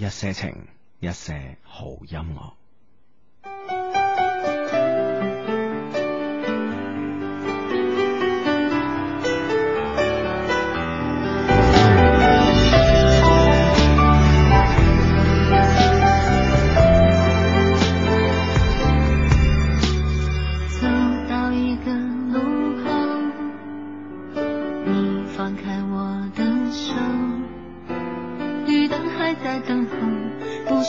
一些情，一些好音樂。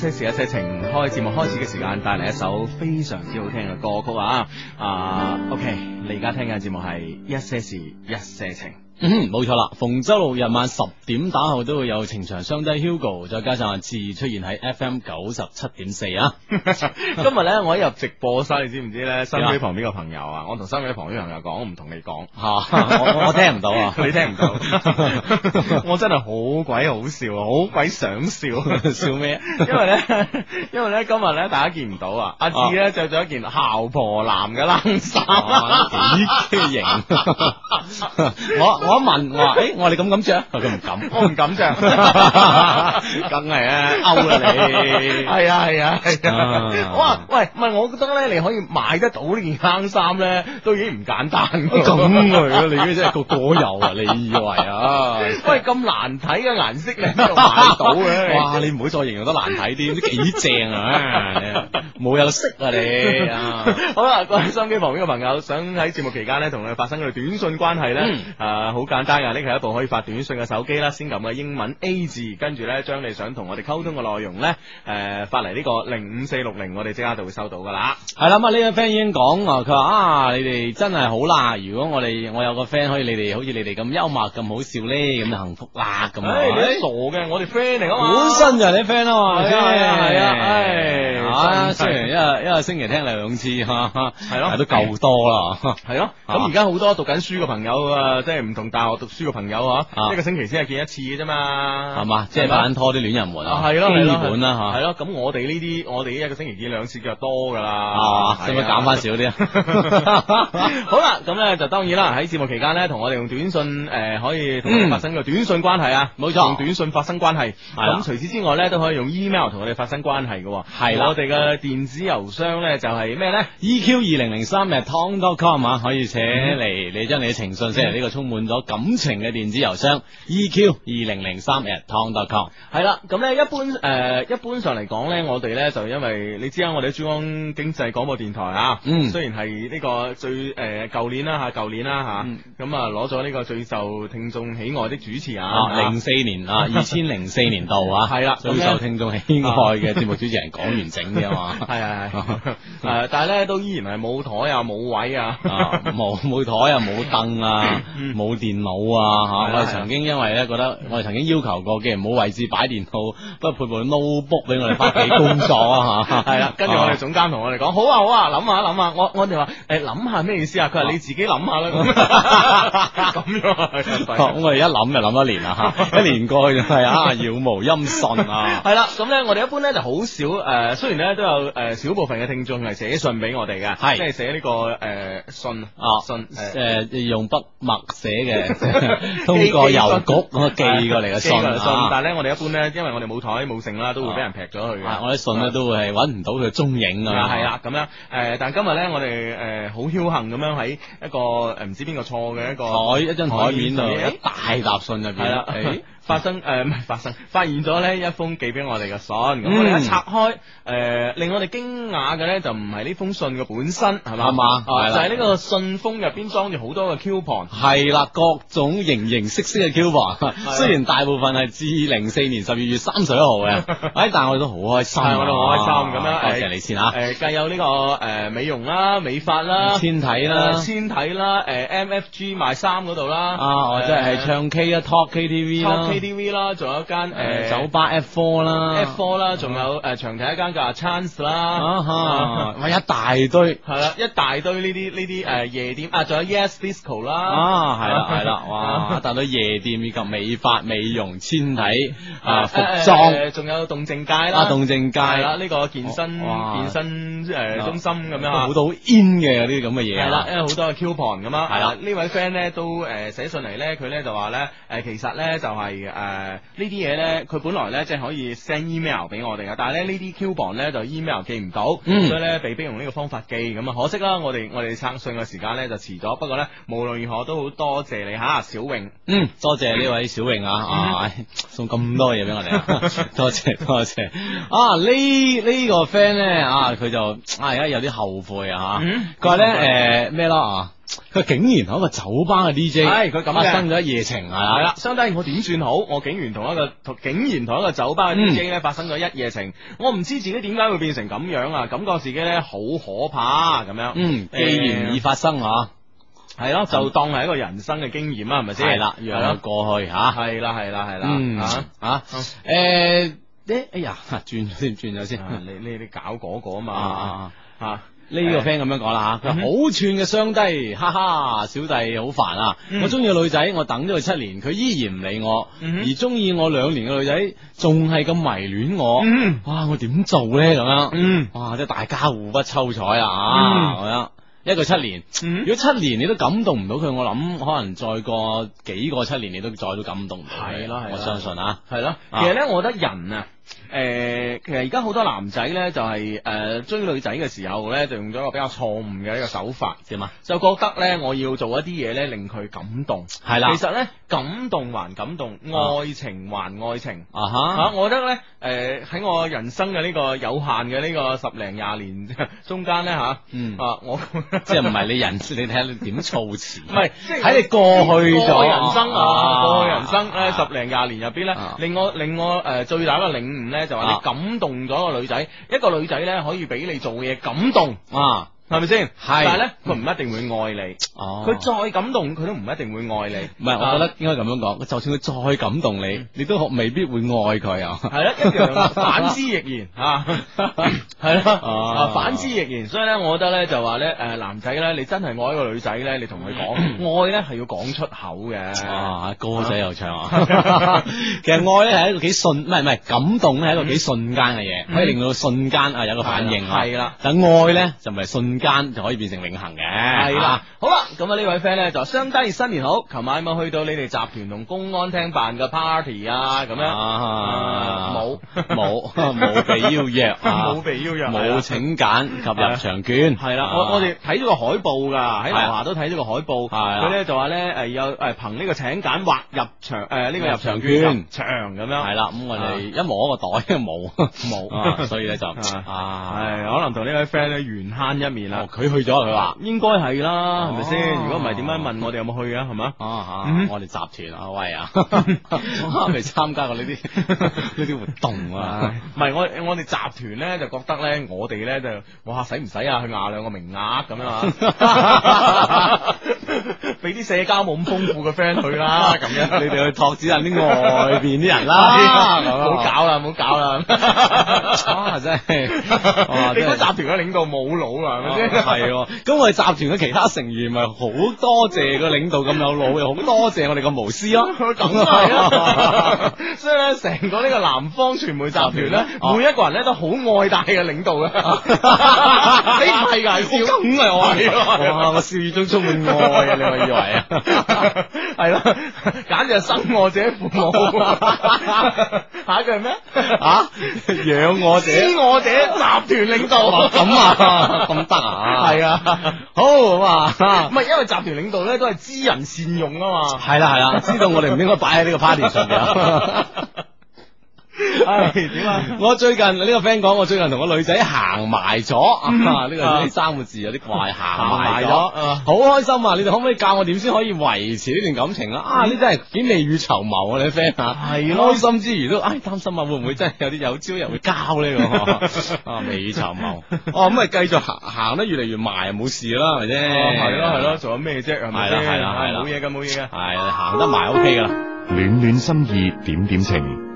一些事，一些情。開節目開始嘅時間帶嚟一首非常之好聽嘅歌曲啊、uh！OK，啊你而家聽緊嘅節目係一些事，一些情。冇錯啦，逢周六日晚十點打後都會有情場雙低 Hugo，再加上阿志出現喺 FM 九十七點四啊！ 今日咧，我一入直播室，你知唔知咧？收尾旁邊個朋友啊，我同收尾旁邊朋友講，我唔同你講，我我聽唔到啊，你聽唔到，我真係好鬼好笑，啊，好鬼想笑，笑咩？因為咧，因為咧，今日咧，大家見唔到啊！阿志咧着咗一件姣婆男嘅冷衫，幾型，啊，我。我一問我，誒，我哋、欸、你咁咁着？佢、啊、唔敢，我唔敢着，梗係 啊，勾啊你，係 啊，係啊，係啊。啊哇，喂，唔係，我覺得咧，你可以買得到件呢件冷衫咧，都已經唔簡單嘅。咁嚟啊，啊，你啲真係個果油啊，你以為啊？ 喂，咁難睇嘅顏色你都買得到嘅？ 哇，你唔會再形容得難睇啲，幾正啊？冇有色啊，啊你啊？ 好啦，各位收音機旁邊嘅朋友，想喺節目期間咧同佢發生嗰啲短信關係咧，誒。好簡單噶，呢個係一部可以發短信嘅手機啦，先撳嘅英文 A 字，跟住咧將你想同我哋溝通嘅內容咧，誒、呃、發嚟呢個零五四六零，我哋即刻就會收到噶啦。係啦，呢、這個 friend 已經講，佢話啊，你哋真係好啦。如果我哋我有個 friend 可以你哋，好似你哋咁幽默咁好笑咧，咁就幸福啦。咁誒，啲、哎、傻嘅，我哋 friend 嚟噶本身就係你啲 friend 啊嘛，係啊，係啊，雖然一，一個星期聽兩次吓，係咯，都夠多啦，係咯。咁而家好多讀緊書嘅朋友，啊，即係唔同。大學讀書嘅朋友啊，一個星期先係見一次嘅啫嘛，係嘛，即係拍拖啲戀人喎，啊，咯係咯，基本啦吓，係咯。咁我哋呢啲，我哋一個星期見兩次就多噶啦，係咪減翻少啲？好啦，咁咧就當然啦。喺節目期間咧，同我哋用短信誒，可以同我哋發生個短信關係啊，冇錯，用短信發生關係。咁除此之外咧，都可以用 email 同我哋發生關係嘅。係啦，我哋嘅電子郵箱咧，就係咩咧？E Q 二零零三日 tom dot com 啊，可以寫嚟，你將你嘅情信先嚟，呢個充滿咗。感情嘅電子郵箱 EQ 二零零三 @tom.com 係啦，咁咧一般誒，一般上嚟講咧，我哋咧就因為你知啦，我哋喺珠江經濟廣播電台啊，嗯，雖然係呢個最誒舊年啦吓，舊年啦吓，咁啊攞咗呢個最受聽眾喜愛的主持人啊，零四年啊，二千零四年度啊，係啦，最受聽眾喜愛嘅節目主持人講完整嘅啊嘛，係係誒，但係咧都依然係冇台啊，冇位啊，冇冇台啊，冇凳啊，冇。電腦啊吓，我哋曾經因為咧覺得，我哋曾經要求過，既然冇位置擺電腦，不如配部 notebook 俾我哋翻嚟工作啊吓，係啦，跟住我哋總監同我哋講，好啊好啊，諗下，諗下。我我哋話誒諗下咩意思啊，佢話你自己諗下啦，咁樣，咁我哋一諗就諗一年啦吓，一年過去係杳無音訊啊，係啦，咁咧我哋一般咧就好少誒，雖然咧都有誒少部分嘅聽眾係寫信俾我哋嘅，係，即係寫呢個誒信啊，信誒用筆墨寫嘅。 通過郵局 寄過嚟嘅信， 信啊，但係咧我哋一般咧，因為我哋冇台冇剩啦，都會俾人劈咗去，啊。我啲信咧都會係揾唔到佢嘅蹤影啊！係啦，咁樣誒，呃，但係今日咧我哋誒好僥倖咁樣喺一個誒唔知邊個錯嘅一個台一張台面度，欸，一大沓信入邊。的 發生誒唔係發生，發現咗呢一封寄俾我哋嘅信，咁我哋一拆開誒，令我哋驚訝嘅咧就唔係呢封信嘅本身，係嘛係嘛，就係呢個信封入邊裝住好多嘅 coupon，係啦，各種形形色色嘅 coupon，雖然大部分係至零四年十二月三十一號嘅，哎，但係我哋都好開心，我都好開心，咁樣多謝你先吓，誒，計有呢個誒美容啦、美髮啦、纖體啦、纖體啦，誒 MFG 賣衫嗰度啦，啊，或者係唱 K 啊，Talk KTV 啦。KTV 啦，仲有一間誒酒吧 F Four 啦，F Four 啦，仲有誒長期一間叫 Chance 啦，吓，一大堆係啦，一大堆呢啲呢啲誒夜店啊，仲有 Yes Disco 啦，啊係啦係啦，哇，一大堆夜店以及美髮美容纖體啊服裝，仲有動靜街啦，動靜街啦，呢個健身健身誒中心咁樣，好多好 in 嘅呢啲咁嘅嘢，係啦，因為好多 coupon 咁啊，係啦，呢位 friend 咧都誒寫信嚟咧，佢咧就話咧誒其實咧就係。誒，呃、呢啲嘢咧，佢本來咧即係可以 send email 俾我哋嘅，但係咧呢啲 coupon 咧就 email 寄唔到，嗯、所以咧被逼用呢個方法寄，咁啊可惜啦，我哋我哋撐信嘅時間咧就遲咗，不過咧無論如何都好多謝你吓，小穎，嗯，多謝呢位小穎啊，哎嗯、送咁多嘢俾我哋，啊， 多謝多謝啊，這個、呢呢個 friend 咧啊，佢就啊而家有啲後悔啊，佢話咧誒咩咯啊？佢竟然同一個酒吧嘅 DJ，係佢咁啊，生咗一夜情啊！係啦，相當於，我點算好？我竟然同一個竟然同一個酒吧嘅 DJ 咧，發生咗一夜情，我唔知自己點解會變成咁樣啊！感覺自己咧好可怕咁樣。嗯，既然而發生吓，係咯，就當係一個人生嘅經驗啊，係咪先？係啦，係咯，過去吓，係啦，係啦，係啦，吓吓，誒，啲哎呀，轉咗先轉咗先，你你你搞嗰個啊嘛啊。呢個 friend 咁樣講啦吓，佢好串嘅雙低，哈哈，小弟好煩啊！我中意個女仔，我等咗佢七年，佢依然唔理我；而中意我兩年嘅女仔，仲係咁迷戀我，哇！我點做呢？咁樣？哇！即係大家互不抽彩啊！我覺得一個七年，如果七年你都感動唔到佢，我諗可能再過幾個七年，你都再都感動唔到。係咯我相信啊，係咯。其實呢，我覺得人啊～誒，其實而家好多男仔咧，就係誒追女仔嘅時候咧，就用咗一個比較錯誤嘅一個手法，點嘛？就覺得咧，我要做一啲嘢咧，令佢感動，係啦。其實咧，感動還感動，愛情還愛情，啊哈！吓，我覺得咧，誒喺我人生嘅呢個有限嘅呢個十零廿年中間咧，吓，嗯，啊，我即係唔係你人，你睇下你點措辭？唔係，喺你過去就人生啊，過去人生咧十零廿年入邊咧，令我令我誒最大嘅領。咧就話你感動咗個女仔，一個女仔咧可以俾你做嘢感動。啊。係咪先？係，但係咧，佢唔一定會愛你。哦，佢再感動，佢都唔一定會愛你。唔係，我覺得應該咁樣講。就算佢再感動你，你都未必會愛佢。係啦，一樣，反之亦然。吓，係啦，反之亦然。所以咧，我覺得咧，就話咧，誒，男仔咧，你真係愛一個女仔咧，你同佢講愛咧，係要講出口嘅。啊，歌仔又唱。其實愛咧係一個幾瞬，唔係唔係感動咧係一個幾瞬間嘅嘢，可以令到瞬間啊有個反應。係啦，但係愛咧就唔係瞬。間就可以變成永恆嘅。係啦，好啦，咁呢位 friend 咧就相低新年好，琴晚有冇去到你哋集團同公安廳辦嘅 party 啊？咁樣冇冇冇被邀約，冇被邀約，冇請柬及入場券。係啦，我我哋睇咗個海報噶，喺樓下都睇咗個海報，佢咧就話咧誒有誒憑呢個請柬或入場誒呢個入場券入場咁樣，係啦，咁我哋一摸個袋冇冇，所以咧就係可能同呢位 friend 咧緣慳一面。佢去咗，佢話應該係啦，係咪先？如果唔係點解問我哋有冇去啊？係咪？啊，我哋集團啊，喂啊，我未參加過呢啲呢啲活動啊？唔係，我我哋集團咧就覺得咧，我哋咧就哇使唔使啊？去拿兩個名額咁樣啊？俾啲社交冇咁豐富嘅 friend 去啦，咁樣你哋去托子下啲外邊啲人啦，唔好搞啦，唔好搞啦，啊真係你啲集團嘅領導冇腦啊！係，咁我哋集團嘅其他成員咪好多謝個領導咁有腦，又好多謝我哋個無私咯，咁係 啊， 所以咧，成個呢個南方傳媒集團咧，啊、每一個人咧都好愛戴嘅領導 啊。你唔係噶？咁係我啊？我笑語中充滿愛啊！你話以為啊？係 咯，簡直係生我者父母。下一句係咩？吓？養 我者？知我者？集團領導咁 啊？咁得啊？係啊，好咁啊，唔係因為集團領導咧都係知人善用啊嘛，係啦係啦，知道我哋唔應該擺喺呢個 party 上邊啊。。 唉，點啊？我最近呢個 friend 講，我最近同個女仔行埋咗，呢個三個字有啲怪，行埋咗，好開心啊！你哋可唔可以教我點先可以維持呢段感情啊？啊，你真係幾未雨綢繆啊！你啲 friend 係開心之餘都唉擔心啊，會唔會真係有啲有朝又會交呢個未雨綢繆哦，咁咪繼續行行得越嚟越埋，冇事啦，係咪啫？係咯係咯，仲有咩啫？係啦係啦係啦，冇嘢嘅，冇嘢嘅，係行得埋 ok 噶啦，暖暖心意，點點情。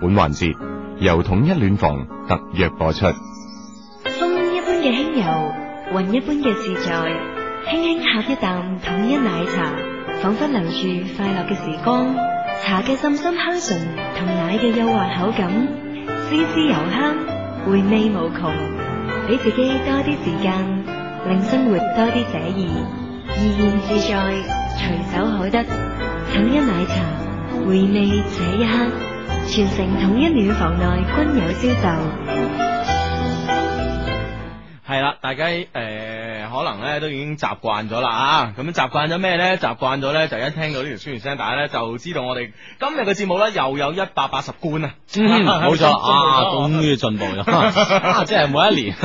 本環節由統一暖房特約播出。風一般嘅輕柔，雲一般嘅自在，輕輕呷一啖統一奶茶，仿佛留住快樂嘅時光。茶嘅深深香醇同奶嘅幼滑口感，絲絲油香回味無窮。俾自己多啲時間，令生活多啲寫意，怡然自在，隨手可得。統一奶茶，回味這一刻。全城統一，暖房內均有銷售。係 啦，大家誒。可能咧都已經習慣咗啦吓，咁習慣咗咩咧？習慣咗咧就一聽到呢條宣言聲，大家咧就知道我哋今日嘅節目咧又有一百八十罐啊！冇錯啊，終於進步咗，即係每一年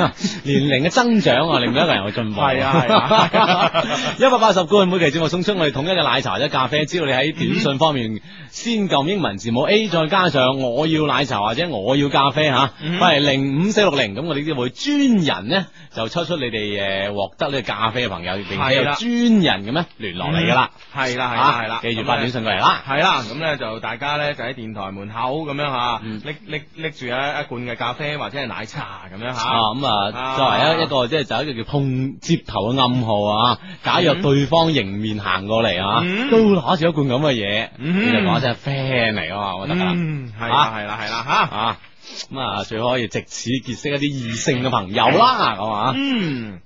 年齡嘅增長啊令到一個人有進步。係啊，係一百八十罐每期節目送出我哋統一嘅奶茶或者咖啡，只要你喺短信方面先撳英文字母 A，再加上我要奶茶或者我要咖啡吓，喂零五四六零，咁我哋就會專人咧就抽出你哋誒獲得呢咖啡嘅朋友，而且係有專人嘅咩聯絡嚟噶啦，係啦係啦係啦，記住發短信過嚟啦，係啦，咁咧就大家咧就喺電台門口咁樣吓，拎拎拎住一一罐嘅咖啡或者係奶茶咁樣吓，咁啊作為一一個即係就一個叫碰接頭嘅暗號啊，假若對方迎面行過嚟啊，都攞住一罐咁嘅嘢，你就講一聲 friend 嚟啊嘛，得噶，係啦係啦係啦吓，咁啊最好可以借此結識一啲異性嘅朋友啦，咁啊，嗯。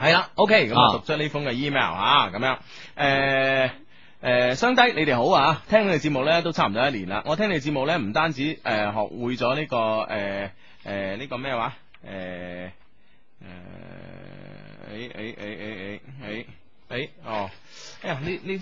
係啦，OK，咁啊讀出呢封嘅 email 啊，咁樣，誒誒，雙低，你哋好啊，聽你哋節目咧都差唔多一年啦，我聽你哋節目咧唔單止誒學會咗呢個誒誒呢個咩話誒誒誒誒誒誒誒哦，哎呀，呢呢。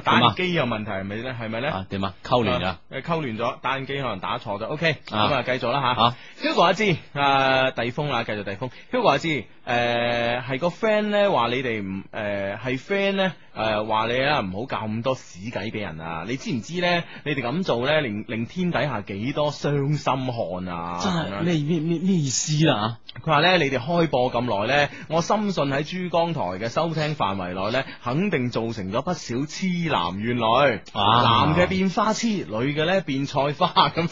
單機、啊、有問題係咪咧？係咪咧？點啊？溝連啊？誒，溝連咗，單機可能打錯咗。O K，咁啊，繼續啦吓。Hugo 阿芝，啊，遞風啦，繼續遞風。Hugo 阿芝，誒，係個 friend 咧，話你哋唔誒係 friend 咧，誒，話你啊，唔好、啊、教咁多屎計俾人啊！你知唔知咧？你哋咁做咧，令令天底下幾多傷心漢啊！真係咩咩咩咩意思啦、啊？佢話咧，你哋開播咁耐咧，我深信喺珠江台嘅收聽範圍內咧，肯定造成咗不少黐男怨女啊，男嘅變花痴，女嘅咧變菜花，咁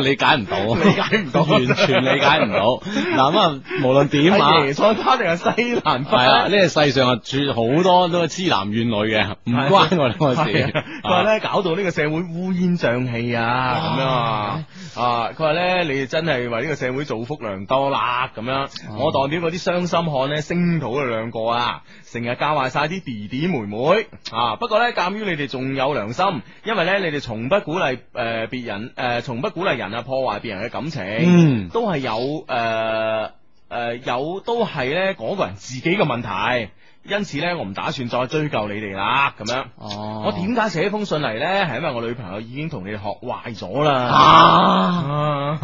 理 解唔到，理 解唔到， 完全理解唔到。嗱咁， 無論點，啊，菜花定係西蘭花，係啊，呢個世上啊住好多都係痴男怨女嘅，唔關我哋事。佢話咧，搞到呢個社會烏煙瘴氣啊，咁啊，佢話咧，你真係為呢個社會造福良多啦，咁樣。我代表嗰啲傷心漢咧，聲討佢兩個啊。啊啊 成日教壞晒啲弟弟妹妹啊！不過咧，鑒於你哋仲有良心，因為咧你哋從不鼓勵誒別人誒，從、呃、不鼓勵人啊破壞別人嘅感情，嗯，都係有誒誒、呃呃、有，都係咧嗰個人自己嘅問題。因此咧，我唔打算再追究你哋啦。咁樣，哦，我點解寫封信嚟咧？係因為我女朋友已經同你哋學壞咗啦。啊，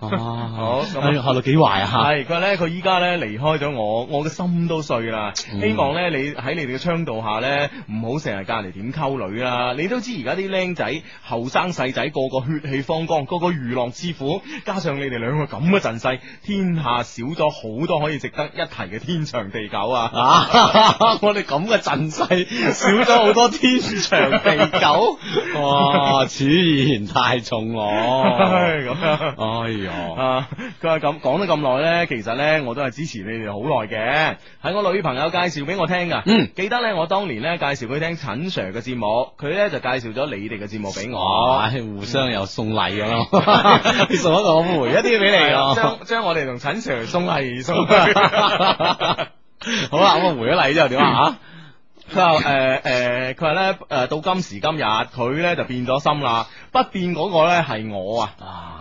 好，學到幾壞啊！係佢話咧，佢依家咧離開咗我，我嘅心都碎啦。希望咧，你喺你哋嘅倡導下咧，唔好成日隔籬點溝女啦。你都知而家啲僆仔、後生細仔個個血氣方剛，個個娛樂之苦，加上你哋兩個咁嘅陣勢，天下少咗好多可以值得一提嘅天長地久。啊！ 我哋咁嘅陣勢少咗好多天長地久，哇、啊！此言太重我咁，哎啊、樣，哎呀！佢話咁講得咁耐咧，其實咧我都係支持你哋好耐嘅，喺我女朋友介紹俾我聽噶。嗯，記得咧，我當年咧介紹佢聽陳 Sir 嘅節目，佢咧就介紹咗你哋嘅節目俾我，啊，互相又送禮咁咯，嗯、 送一個回一啲俾你咯，將將 我哋同陳 Sir 送禮送禮。 好啦，咁我回咗嚟之後，點啊？佢話誒誒，佢話咧誒，到今時今日，佢咧就變咗心啦。不變嗰個咧係我啊，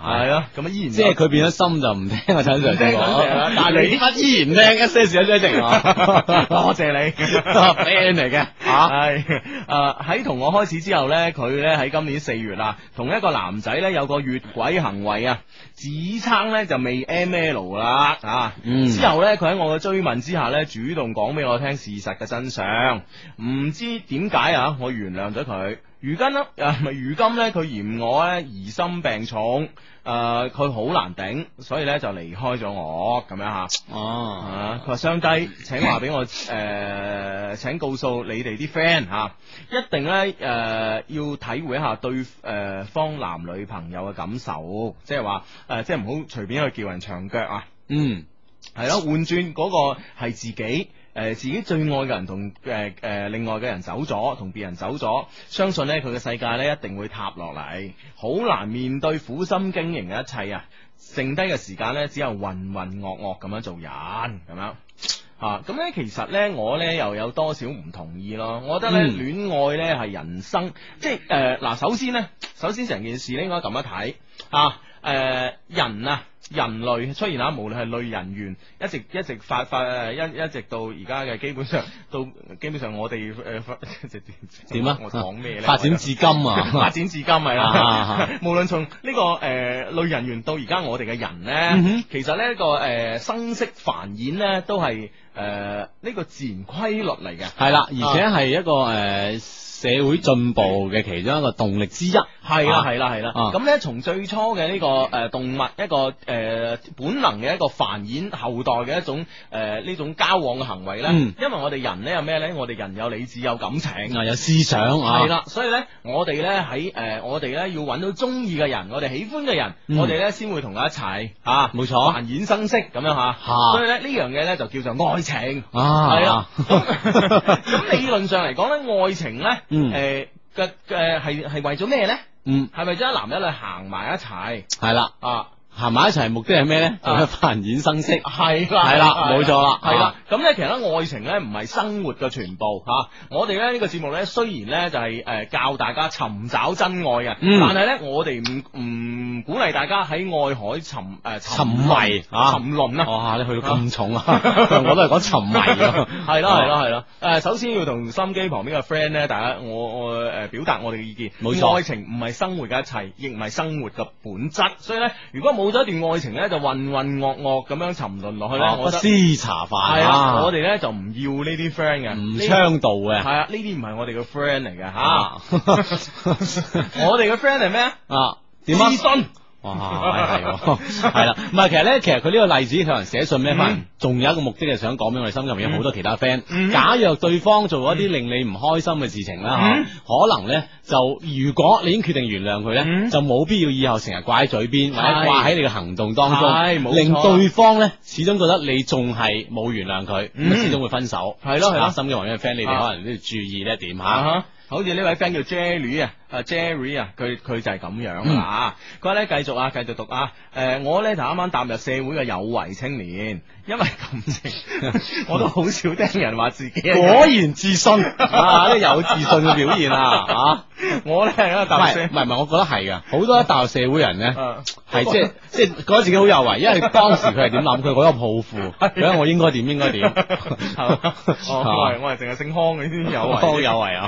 係咯，咁依然即係佢變咗心就唔聽我陳 sir 講，但係依家依然聽 一些事的的，一些情。多謝，謝你 friend 嚟嘅吓。係誒，喺同我開始之後咧，佢咧喺今年四月啦，同一個男仔咧有個越軌行為呢啊，指稱咧就未 M L 啦吓。之後咧，佢、啊、喺我嘅追問之下咧，主動講俾我，我聽事實嘅真相。真唔知點解啊！我原諒咗佢，如今呢，誒，咪如今呢佢嫌我呢疑心病重，誒、呃，佢好難頂，所以呢就離開咗我咁樣吓。哦、啊，佢話傷低，請話俾我誒、呃，請告訴你哋啲 friend 吓，一定呢，誒、呃、要體會一下對誒方男女朋友嘅感受，即係話誒，即係唔好隨便去叫人長腳啊。嗯，係咯、嗯，換轉嗰個係自己。誒、呃，自己最愛嘅人同誒誒，另外嘅人走咗，同別人走咗，相信呢，佢嘅世界呢一定會塌落嚟，好難面對苦心經營嘅一切啊！剩低嘅時間呢，只有渾渾噩噩咁樣做人，咁樣吓，咁、啊、呢，其實呢，我呢，又有多少唔同意咯？我覺得呢，戀愛呢，係人生，嗯、即係誒，嗱、呃，首先呢，首先成件事呢，應該咁樣睇吓，誒、呃，人啊。人類出現啦，無論係類人猿，一直一直發發誒，一一直到而家嘅基本上，到基本上我哋誒點啊？我講咩咧？發展至今啊！發展至今係啦，啊啊、無論從呢個誒、呃、類人猿到而家我哋嘅人咧，嗯、哼其實呢、這個誒、呃、生息繁衍咧都係誒呢個自然規律嚟嘅。係啦，而且係一個誒、啊、社會進步嘅其中一個動力之一。係啦，係啦，係啦、啊。咁、啊、呢，從最初嘅呢、這個誒、呃、動物一個誒、呃、本能嘅一個繁衍後代嘅一種誒呢、呃、種交往嘅行為呢，嗯、因為我哋人呢，有咩呢？我哋人有理智，有感情，啊、有思想、啊。係啦，所以呢，我哋呢，喺誒、呃、我哋呢，要揾到中意嘅人，我哋喜歡嘅人，嗯、我哋呢，先會同佢一齊吓，冇、啊、錯錯繁衍生息咁樣吓。啊啊、所以呢，呢樣嘢呢，就叫做愛情。係啦、啊，咁理論上嚟講呢，愛情呢，誒嘅係係為咗咩呢？嗯是是，係咪即係一男一女行埋一齊？係啦。啊。行埋一齊目的係咩咧？繁衍生息係啦，係啦，冇錯啦，係啦。咁咧，其實咧，愛情咧唔係生活嘅全部吓。我哋咧呢個節目咧，雖然咧就係誒教大家尋找真愛嘅，但係咧我哋唔唔鼓勵大家喺愛海沉誒沉迷吓沉淪啦。哇！你去到咁重啊？我都係講沉迷咯，係啦係啦係啦。誒，首先要同心機旁邊嘅 friend 咧，大家我我誒表達我哋嘅意見。冇錯，愛情唔係生活嘅一切，亦唔係生活嘅本質。所以咧，如果冇咗一段愛情咧，就混混噩噩咁樣沉淪落去咧，啊、我覺得私茶飯。係啊，我哋咧就唔要呢啲 friend 嘅，唔倡導嘅。係啊，呢啲唔係我哋嘅 friend 嚟嘅吓，我哋嘅 friend 係咩啊？點啊？自、啊、信。哇，係係，啦，唔係其實咧，其實佢呢個例子同人寫信咩翻，仲有一個目的係想講俾我哋心入面，唔有好多其他 friend。假若對方做一啲令你唔開心嘅事情啦，吓，可能咧就如果你已經決定原諒佢咧，就冇必要以後成日掛喺嘴邊或者掛喺你嘅行動當中，令對方咧始終覺得你仲係冇原諒佢，始終會分手。係咯，心入面嘅 friend，你哋可能都要注意咧，一點吓？好似呢位 friend 叫 Jelly 啊。阿 Jerry 啊，佢佢就係咁樣啦。佢話咧繼續啊，繼續讀啊。誒，我咧同啱啱踏入社會嘅有為青年，因為咁，我都好少聽人話自己。果然自信啊，有自信嘅表現啊。吓，我咧係一個踏入社會，唔係唔係，我覺得係噶。好多踏入社會人咧，係即係即係覺得自己好有為，因為當時佢係點諗，佢嗰個抱負，覺得我應該點應該點。我係我係淨係姓康嘅先有為，康有為啊。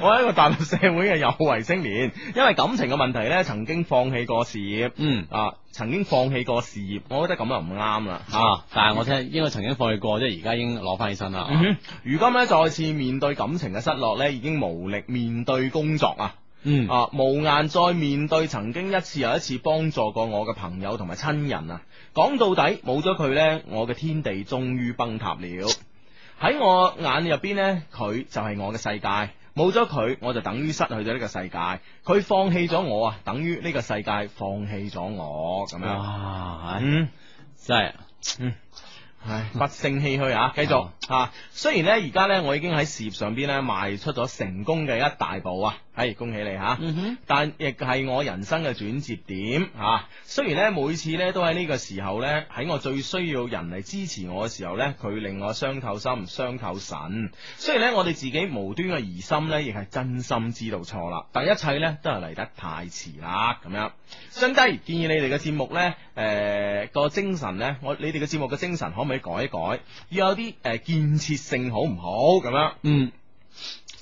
我係一個踏入社會嘅有。維星年，因為感情嘅問題呢，曾經放棄過事業，嗯，啊，曾經放棄過事業，我覺得咁又唔啱啦，嗯、啊，但係我聽，因為曾經放棄過，即係而家已經攞翻起身啦，嗯哼啊，如今呢，再次面對感情嘅失落呢，已經無力面對工作啊，嗯，啊，無顏再面對曾經一次又一次幫助過我嘅朋友同埋親人啊，講到底冇咗佢呢，我嘅天地終於崩塌了，喺我眼入邊呢，佢就係我嘅世界。冇咗佢，我就等於失去咗呢個世界。佢放棄咗我啊，等於呢個世界放棄咗我咁樣。哇，嗯，真係的，唉， 不勝唏噓啊！繼續的啊，雖然呢，而家呢，我已經喺事業上邊呢，邁出咗成功嘅一大步啊。係、hey, 恭喜你吓，但亦係我人生嘅轉折點吓。雖然咧每次咧都喺呢個時候咧，喺我最需要人嚟支持我嘅時候咧，佢令我傷透心、傷透神。雖然咧我哋自己無端嘅疑心咧，亦係真心知道錯啦，但一切咧都係嚟得太遲啦。咁樣，相弟建議你哋嘅節目咧，誒、呃那個精神咧，我你哋嘅節目嘅精神可唔可以改一改，要有啲誒、呃、建設性，好唔好？咁樣，嗯，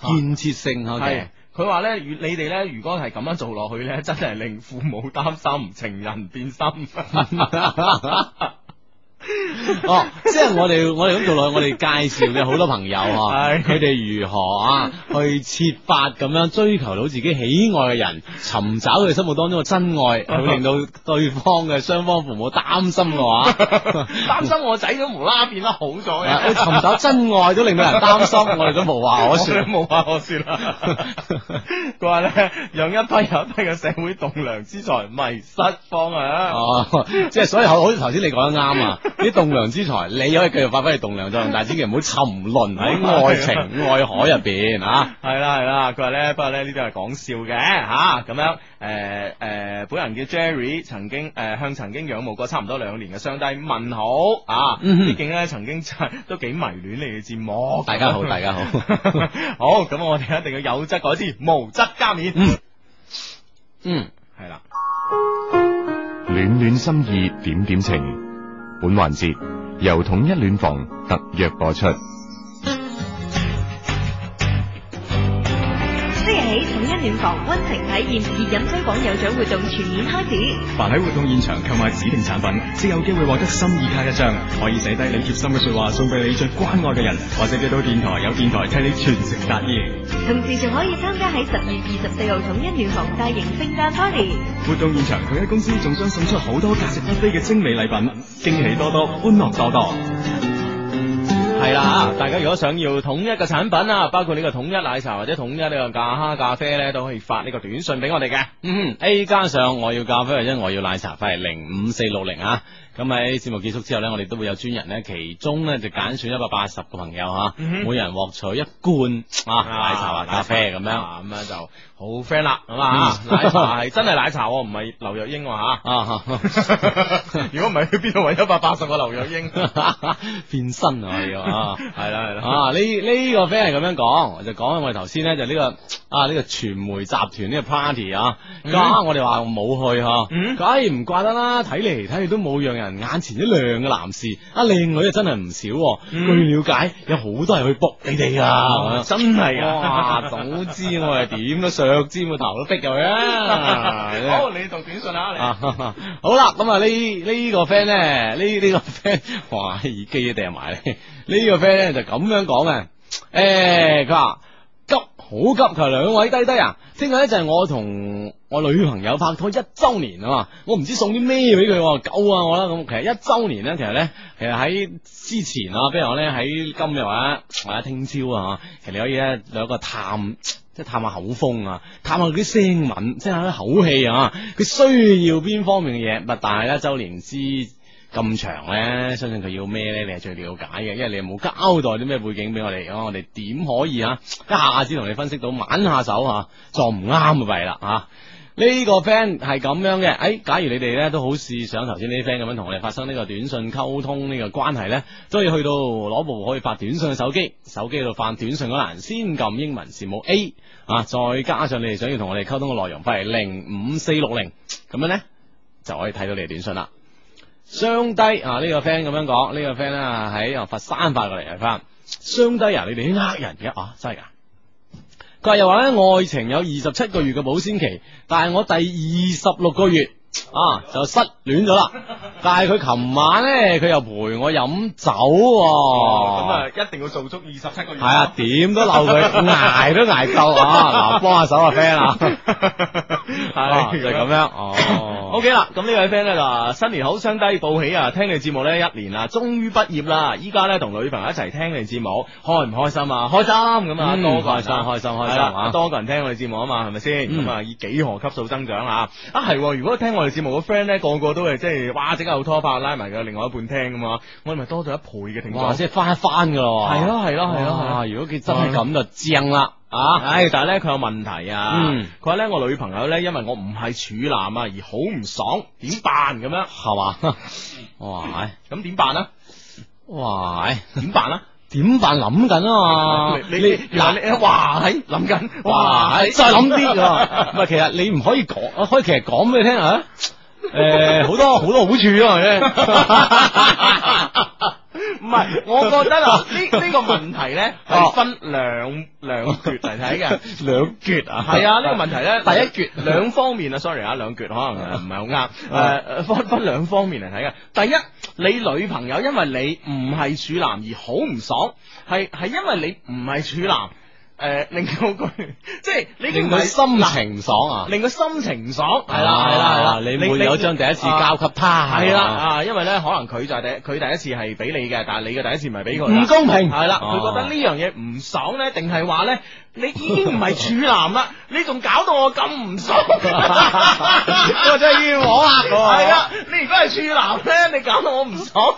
建設性係。Okay. 佢話咧，如你哋咧，如果係咁樣做落去咧，真係令父母擔心，情人變心。 哦，oh, 即係我哋我哋咁做落去，我哋介紹嘅好多朋友，啊，佢哋如何啊去設法咁樣追求到自己喜愛嘅人，尋找佢哋心目當中嘅真愛，會令到對方嘅雙方父母擔心嘅話，擔心我仔、啊、都無啦變得好咗嘅，去尋找真愛都令到人擔心，我哋都無話可說，冇話可說啦。佢話咧，讓一批又一批嘅社會棟樑之才迷失方啊！哦、oh，即係所以好，好似頭先你講得啱啊！啲棟樑之才，你可以繼續發揮你棟樑作用，但係千祈唔好沉淪喺愛情愛海入邊啊！係啦係啦，佢話咧，不過咧呢啲係講笑嘅吓，咁樣誒誒，本人叫 Jerry，曾經誒向曾經仰慕過差唔多兩年嘅上帝問好啊！畢竟咧曾經都幾迷戀你嘅節目。大家好，大家好，好，咁我哋一定要有則改之，無則加勉。嗯，係啦，暖暖心意，點點情。本環節由統一暖房特約播出。即日起，統一暖房溫情體驗熱飲推廣有獎活動全面開始。凡喺活動現場購買指定產品，即有機會獲得心意卡一張，可以寫低你貼心嘅說話，送俾你最關愛嘅人，或者寄到電台，有電台替你傳情達意。同時，仲可以參加喺十二月二十四號統一暖房大型聖誕 party。活動現場，佢喺公司仲將送出好多價值不菲嘅精美禮品，驚喜多多，歡樂多多。係啦，大家如果想要統一嘅產品啊，包括呢個統一奶茶或者統一呢個咖哈咖啡咧，都可以發呢個短信俾我哋嘅、嗯、，A 嗯哼加上我要咖啡或者我要奶茶，費係零五四六零啊。咁喺節目結束之後咧，我哋都會有專人咧，其中咧就揀選一百八十個朋友嚇，每人獲取一罐啊奶茶啊咖啡咁樣啊，咁啊就好 friend 啦，咁啊、嗯、奶茶係、嗯、真係奶茶喎，唔係劉若英喎嚇，如果唔係去邊度揾一百八十個劉若英變身啊要啊，係啦係啦啊呢呢個 friend 係咁樣講，就講我哋頭先咧就呢個啊呢個傳媒集團呢個 party 啊，家、嗯、我哋話冇去嚇，梗唔怪得啦，睇嚟睇去都冇樣眼前啲靚嘅男士，阿靚女真係唔少，啊。嗯、據了解，有好多人去卜你哋噶、啊嗯，真係啊！早知我係點都削尖個頭都逼入去啊！好，你讀短信啊，你、啊啊。好啦，咁、這個、呢呢 個 friend 咧，呢呢個 friend，哇，耳機都掟埋。 個呢個 friend 咧就咁樣講嘅，誒，佢話。好急求兩位低低啊！聽日咧就係我同我女朋友拍拖一周年啊嘛，我唔知送啲咩俾佢，狗啊！我咧咁，其實一周年咧，其實咧，其實喺之前啊，譬如我咧喺今日啊，或者聽朝啊，其實你可以咧兩個探，即係探下口風啊，探下佢啲聲紋，即係啲口氣啊，佢需要邊方面嘅嘢，但係咧周年之。咁長呢，相信佢要咩呢？你係最了解嘅，因為你冇交代啲咩背景俾我哋，咁我哋點可以啊？一下子同你分析到，猛下手啊，撞唔啱咪啦吓？呢個 friend 係咁樣嘅。誒，假如你哋呢都好試想頭先呢啲 friend 咁樣同我哋發生呢個短信溝通呢個關係呢，都要去到攞部可以發短信嘅手機，手機度發短信嗰陣先撳英文字母 A 啊，再加上你哋想要同我哋溝通嘅內容，翻嚟零五四六零咁樣呢，就可以睇到你哋短信啦。傷低啊！呢、這個 friend 咁樣講，呢、這個 friend 啊，喺佛山發過嚟嘅，佢話傷低啊，你哋啲呃人嘅啊，啊，真係噶。佢又話咧，愛情有二十七個月嘅保鮮期，但係我第二十六個月。啊！就失戀咗啦，但係佢琴晚咧，佢又陪我飲酒。咁啊，一定要做足二十七個月。係啊，點都留佢，挨都挨夠啊！嗱，幫下手啊，friend 啊，係就咁樣哦。O K 啦，咁呢位 friend 咧就新年口傷低報喜啊，聽你節目咧一年啊，終於畢業啦！依家咧同女朋友一齊聽你節目，開唔開心啊？開心咁啊，多開心開心開心，多個人聽我哋節目啊嘛，係咪先？咁啊，以幾何級數增長啊！啊，係如果聽我。台似冇個 friend 咧，個個都係即係哇即刻好拖拍拉埋嘅另外一半聽嘛。我哋咪多咗一倍嘅聽眾。哇！即係翻一翻噶咯，係咯係咯係咯。哇！如果佢真係咁就正啦啊！唉、啊哎，但係咧佢有問題、啊，佢話咧我女朋友咧因為我唔係處男啊，而好唔爽，點辦咁樣係嘛？嗯、 哇！咁點、嗯、辦啊？哇！點 辦啊？點辦諗緊啊嘛，你嗱你，你，你哇喺諗緊，哇喺再諗啲，哇啊，唔係 其實你唔可以講，啊，可以其實講俾你聽啊。誒，好、欸、多好 多好處咯，唔係，我覺得呢呢 個問題咧係分兩兩橛嚟睇嘅，兩橛 啊，係 啊，呢、呢個問題咧， 第一橛兩方面啊，sorry 啊，兩橛可能唔係好啱，誒，分分兩方面嚟睇嘅，第一，你女朋友因為你唔係處男而好唔爽，係係因為你唔係處男。誒，令到佢，即係你唔係心情唔爽啊！令佢心情唔爽，係啦，係啦，係啦，你沒有將第一次交給他，係啦，啊，因為咧可能佢就係第佢第一次係俾你嘅，但係你嘅第一次唔係俾佢，唔公平，係啦，佢覺得呢樣嘢唔爽咧，定係話咧。你已經唔係處男啦，你仲搞到我咁唔爽，我 真係冤枉啊！係啊， 你如果係處男咧，你搞到我唔爽，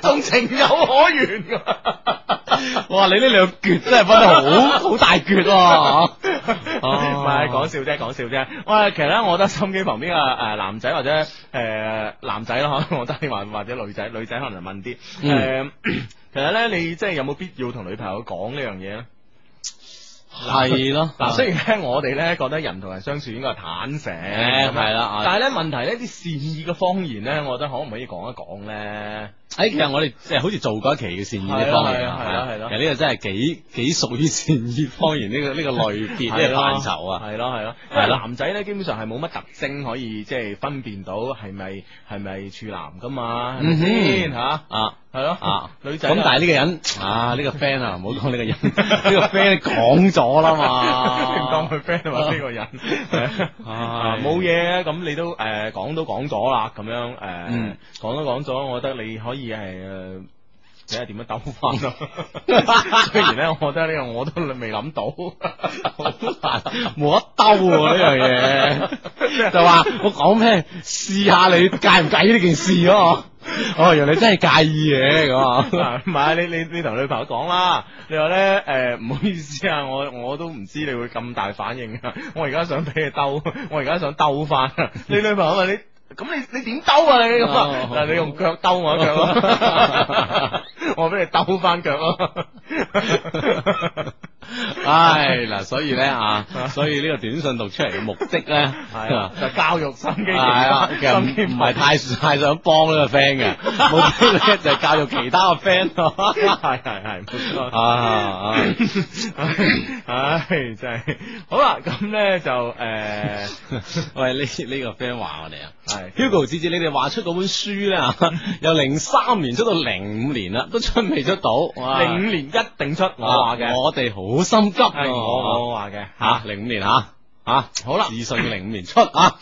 仲 情有可原。 哇！你呢兩橛真係分得好好 大橛哦、啊！哦、 啊，唔係講笑啫，講笑啫。喂，其實咧，我覺得心機旁邊嘅誒男仔或者誒、呃、男仔咯，可能我覺得你話或者女仔，女仔可能就問啲誒、嗯呃，其實咧，你即係有冇必要同女朋友講呢樣嘢啊？係咯，嗱，雖然咧，我哋咧覺得人同人相處應該係坦誠，係啦。但係咧問題咧，啲善意嘅謊言咧，的我覺得可唔可以講一講咧？哎，其實我哋即係好似做過一期嘅善意嘅方面係咯係咯，其實呢個真係幾幾屬於善意謊言呢個呢個類別呢個範疇啊，係咯係咯，因為男仔咧基本上係冇乜特徵可以即係分辨到係咪係咪處男噶嘛，係咪先吓啊，係咯啊，女仔咁但係呢個人啊呢個 friend 啊，唔好講呢個人呢個 friend 講咗啦嘛，當佢 friend 話呢個人冇嘢，咁你都誒講都講咗啦，咁樣誒講都講咗，我覺得你可以。而係誒，睇下點樣兜翻咯。雖 然咧，我覺得呢個我都未諗到，冇 難 得兜喎呢樣嘢。 就話我講咩，試下你介唔介意呢件事咯，啊？哦， 原來你真係介意嘅咁啊！唔係 你你你同女朋友講啦。你話咧誒，唔、呃、好意思啊，我我都唔知你會咁大反應，啊。我而家想俾你兜，我而家想兜翻你女朋友啊！你 咁你你點兜啊？ 啊？你咁，但係你用腳兜我一腳咯， 我俾你兜翻腳咯。 唉嗱，所以咧啊，所以呢個短信讀出嚟嘅目的咧，就教育新機嘅新機，唔係太太想幫呢個 friend 嘅，目的咧就教育其他個 friend。係係係冇錯唉，真係好啦，咁咧就誒，喂呢呢個 friend 話我哋啊，係 Hugo 子子，你哋話出嗰本書咧由零三年出到零五年啦，都出未出到，零五年一定出，我話嘅，我哋好。好心急、哎、呦啊！我我話嘅吓，零五、啊、年吓。啊吓好啦，自信零五年出啊，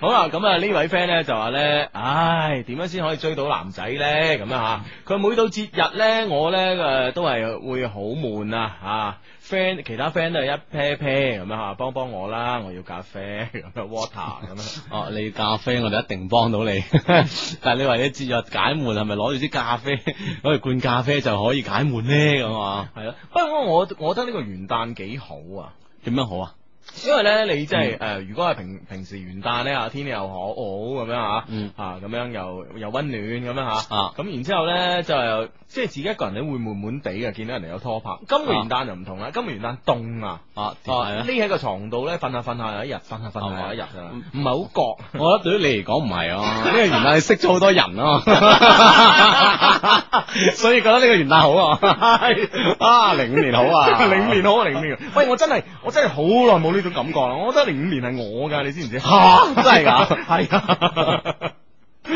好啦，咁 啊呢位 friend 咧就話咧，唉，點樣先可以追到男仔咧？咁樣吓，佢每到節日咧，我咧誒都係會好悶啊吓，friend 其他 friend 都係一 pair pair 咁樣吓，幫幫我啦，我要咖啡咁樣 water 咁樣，哦 你咖啡，我哋一定幫到你。 但係你話你節日解悶，係咪攞住啲咖啡攞嚟灌咖啡就可以解悶咧？咁啊，係啦，不過我我覺得呢個元旦幾好啊，點樣好啊？因為咧，你即係誒，如果係平平時元旦咧，天氣又好好咁樣吓，吓咁樣又又溫暖咁樣吓，咁然之後咧就係即係自己一個人咧會悶悶地嘅，見到人哋有拖拍。今個元旦就唔同啦，今個元旦凍啊，啊，係啊，匿喺個床度咧，瞓下瞓下一日，瞓下瞓下一日唔係好覺。我覺得對於你嚟講唔係哦，呢個元旦你識咗好多人咯，所以覺得呢個元旦好啊，零五年好啊，零五年好啊，零五年。喂，我真係我真係好耐冇。呢種感覺啦，我覺得零五年係我噶，你知唔知？吓， 真係噶，係啊。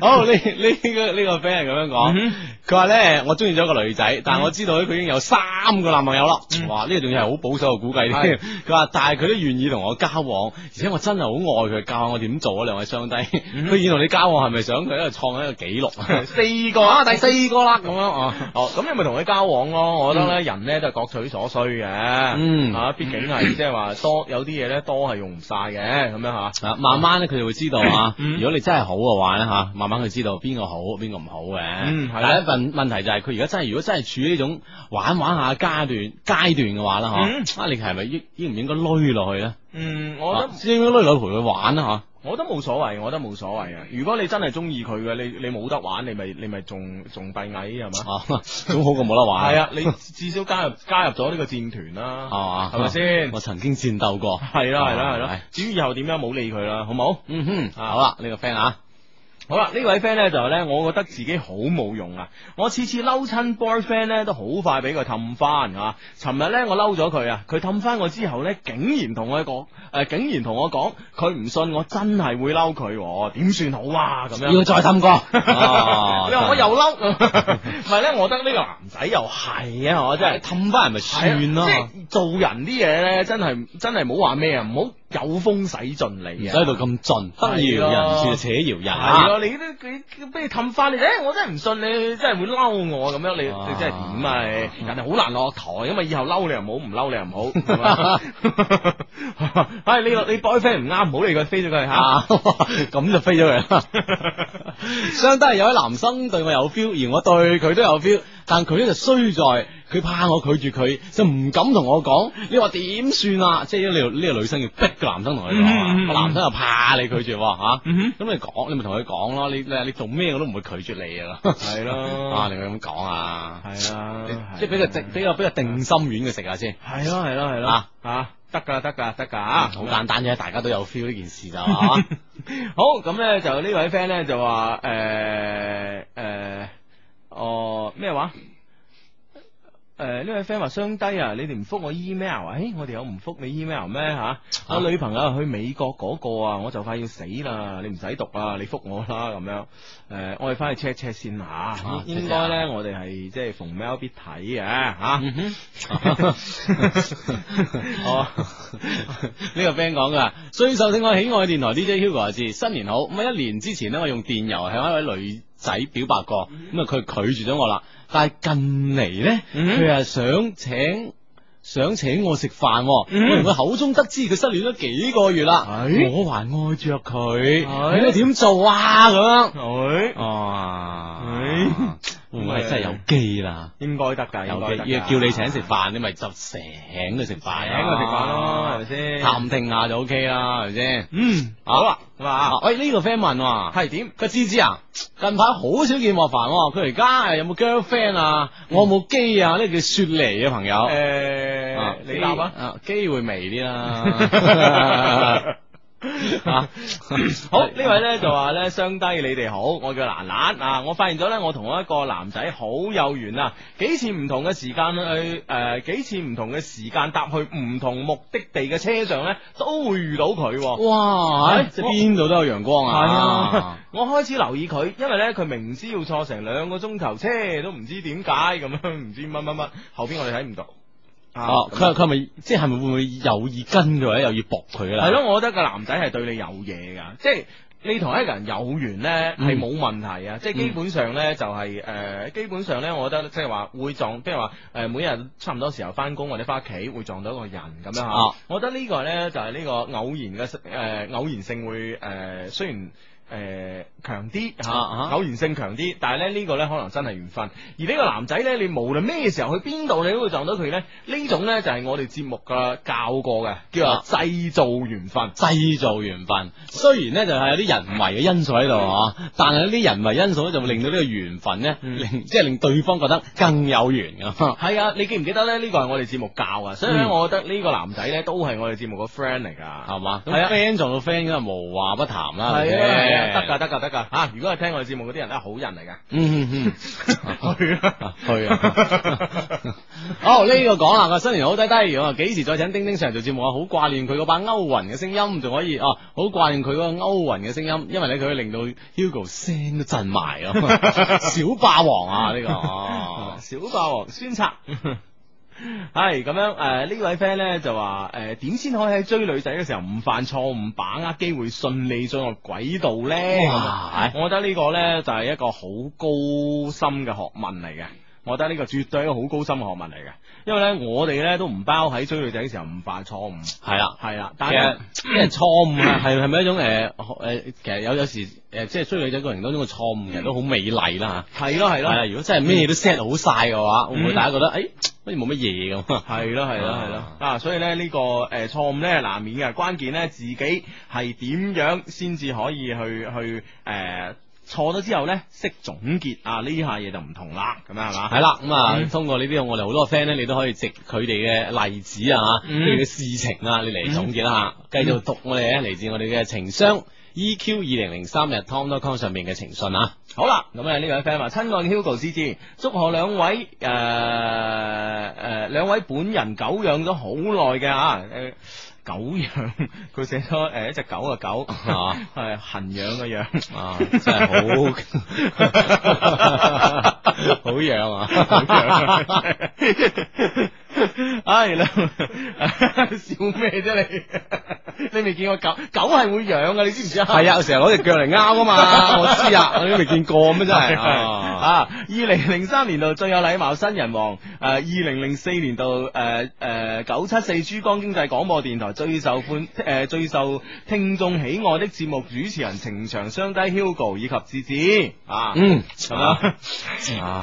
好呢呢、這個呢個 friend 係咁樣講，佢話、mm hmm. 呢，我中意咗個女仔，但係我知道佢已經有三個男朋友啦。哇，呢個仲要係好保守嘅估計佢話、mm hmm. 但係佢都願意同我交往，而且我真係好愛佢，教我點做啊，兩位雙帝，佢願同你交往，係咪想佢喺度創一個紀錄？ 四個啊，第四個啦、啊，咁樣、啊、哦。咁你咪同佢交往咯、啊。我覺得呢，mm hmm. 人呢都係各取所需嘅。嗯、mm，hmm. 啊，畢竟係即係話多有啲嘢呢，多係用唔晒嘅，咁樣吓。慢慢呢，佢就會知道啊。如果你真係好嘅話咧，吓，慢慢佢知道邊個好、邊個唔好嘅。第一份問題就係佢而家真係，如果真係處於呢種玩玩下階段階段嘅話啦、吓、嗯啊，你係咪應不應唔應該追落去咧？嗯，我覺得、啊、應唔應該追陪佢玩啦，吓。我都冇所謂，我都冇所謂啊！如果你真係中意佢嘅，你你冇得玩，你咪你咪仲仲閉翳係嘛？哦，總 好過冇得玩。係啊，你至少加入 加入咗呢個戰團啦，係咪先？吧我曾經戰鬥過，係啦係啦係咯。至於以後點樣，冇理佢啦，好冇？嗯哼，好啦，呢個 friend 啊。好啦，位呢位 friend 咧就係咧，我覺得自己好冇用啊！我次次嬲親 boyfriend 咧，都好快俾佢氹翻啊！尋日咧我嬲咗佢啊，佢氹翻我之後咧，竟然同我講誒，竟然同我講佢唔信我真係會嬲佢，點算好啊？咁樣要再氹過，啊、 你話我又嬲，唔係咧？我覺得呢個男仔又係啊！我真係氹翻咪算咯，即係做人啲嘢咧，真係真係冇話咩啊，唔好。有風使盡嚟，喺度咁盡，得饒人處且饒人。係咯是的，你都佢俾人氹翻你，誒，我真係唔信你，你真係會嬲我咁樣，你你真係點啊？啊人哋好難落台，咁啊，以後嬲你又唔好，唔嬲你又唔好。係 是吧、 哎、你你 boyfriend 唔啱，唔好理佢，飛咗佢吓，咁、啊、 就飛咗佢啦。相當係有位男生對我有 feel，而我對佢都有 feel，但佢就衰在。佢怕我拒絕佢，就唔敢同我講。你話點算啊？即係呢度呢個女生要逼個男生同佢講，個男生又怕你拒絕吓。咁你講，你咪同佢講咯。你你做咩我都唔會拒絕你噶啦。係咯，你咁講啊？係啊，即係比較定比較比較定心丸嘅食下先。係咯係咯係咯，吓得噶得噶得噶吓。好簡單啫，大家都有 feel 呢件事就係嘛。好咁咧，就呢位 friend 咧就話誒誒，哦咩話？誒，呢位 friend 話雙低啊，你哋唔覆我 email，誒、哎，我哋有唔覆你 email 咩吓？我女朋友去美國嗰個啊，我就快要死啦，ah. 你唔使讀啊，你覆我啦咁樣。誒，我哋翻去 check check 先吓，應該咧我哋係即係逢 mail 必睇嘅吓。哦， 呢個 friend 講噶，最受喜愛喜愛電台 DJ Hugo 話事，新 vinegar 年好。咁啊，一年之前咧，我用電郵向一位女仔表白過，咁啊佢拒絕咗我啦。但係近嚟咧，佢係、嗯、想請想請我食飯，哦。我從佢口中得知佢失戀咗幾個月啦，是我還愛着佢，是你我點做啊？咁是樣啊？唔，係真係有機啦，應該得噶，有機叫你請食飯，你咪執醒佢食飯，請佢食飯咯，係咪先？探定下就 OK 啦，係咪先？嗯，好啦，咁啊，哎呢個 friend 問係點？個芝芝啊，近排好少見莫凡，佢而家有冇 girlfriend 啊？我冇機啊？呢個叫雪梨嘅朋友，誒，你答啊？機會微啲啦。啊， 好，呢位呢就話呢，「雙低你哋好，我叫蘭蘭啊。我發現咗呢，我同一個男仔好有緣啊，幾次唔同嘅時間去誒，幾次唔同嘅時間搭去唔同目的地嘅車上呢，都會遇到佢。哇，即邊度都有陽光啊，啊。我開始留意佢，因為呢，佢明知要坐成兩個鐘頭車，都唔知點解咁樣，唔知乜乜乜，後邊我哋睇唔到。哦，佢佢咪即係咪會唔會有意跟佢咧，有意搏佢啊？係咯、嗯，我覺得個男仔係對你有嘢噶，即係你同一個人有緣咧，係冇問題啊！嗯、即係基本上咧、就是，就係誒，基本上咧，我覺得即係話會撞，即係話誒，每日差唔多時候翻工或者翻屋企會撞到一個人咁樣吓。啊、我覺得呢個咧就係呢個偶然嘅誒、呃，偶然性會誒、呃，雖然。呃雖然呃雖然誒，強啲吓吓，偶、啊啊、然性強啲，但係咧呢個咧可能真係緣分。而呢個男仔咧，你無論咩嘅時候去邊度，你都會撞到佢咧。呢種咧就係我哋節目嘅教過嘅，啊、叫做製造緣分，製造緣分。雖然咧就係有啲人為嘅因素喺度，嗯、啊，但係啲人為因素咧就會、嗯、令到呢個緣分咧，令即係令對方覺得更有緣啊。係啊，你記唔記得咧？呢、這個係我哋節目教啊，所以咧，我覺得呢個男仔咧都係我哋節目嘅 friend 嚟噶，係嘛、嗯？啊 friend 撞到 friend 咁啊，無話不談啦，係得噶得噶得噶吓！如果係聽我哋節目嗰啲人，都係好人嚟噶。嗯嗯 嗯，係、 嗯、啊，啊，係、這、啊、個。好，呢個講啦，個新年好低低。我幾時再請丁丁上嚟做節目啊？好掛念佢嗰把歐云嘅聲音，仲可以哦。好掛念佢嗰個歐云嘅聲音，因為咧佢令到 Hugo 聲都震埋啊！小霸王啊，呢、這個哦， 小霸王，孫策。係咁樣誒，呃、位呢位 friend 咧就話誒，點、呃、先可以喺追女仔嘅時候唔犯錯誤，把握機會，順利進入軌道咧哇？我覺得個呢個咧就係、是、一個好高深嘅學問嚟嘅。我覺得呢個絕對係一個好高深嘅學問嚟嘅，因為咧我哋咧都唔包喺追女仔嘅時候唔犯錯誤，係啦係啦，但係即係錯誤係係咪一種誒誒，其實有有時誒即係追女仔過程當中嘅錯誤，其實都好美麗啦吓，係咯係咯，係啦，如果真係咩都 set 好晒嘅話，會唔會大家覺得誒好似冇乜嘢咁？係咯係咯係咯，啊，所以咧呢個誒錯誤咧難免嘅，關鍵咧自己係點樣先至可以去去誒。錯咗之後呢，識總結啊，呢下嘢就唔同啦，咁樣係嘛？係啦，咁、嗯、啊，通過呢啲我哋好多嘅 friend 咧，你都可以值佢哋嘅例子啊，佢哋嘅事情啊，你嚟總結一下，繼、嗯、續讀我哋咧嚟自我哋嘅情商 EQ 二零零三日 Tom.com 上面嘅情信啊，好啦，咁啊呢位 friend 話，親愛嘅 Hugo 師師，祝賀兩位誒誒，兩位本人久仰咗好耐嘅啊。呃狗養，佢寫咗誒，一隻狗啊，狗係痕養嘅樣啊，真係好 好養啊。哎啦，笑咩啫你？你未見過狗，狗係會養噶，你知唔知 啊？係啊，成日攞隻腳嚟勾噶嘛。我知啊，你都未見過咩真係啊？二零零三年度最有禮貌新人王，誒，二零零四年度誒誒九七四珠江經濟廣播電台最受歡誒、呃、最受聽眾喜愛的節目主持人情場雙低 Hugo 以及子子啊，嗯，係嘛？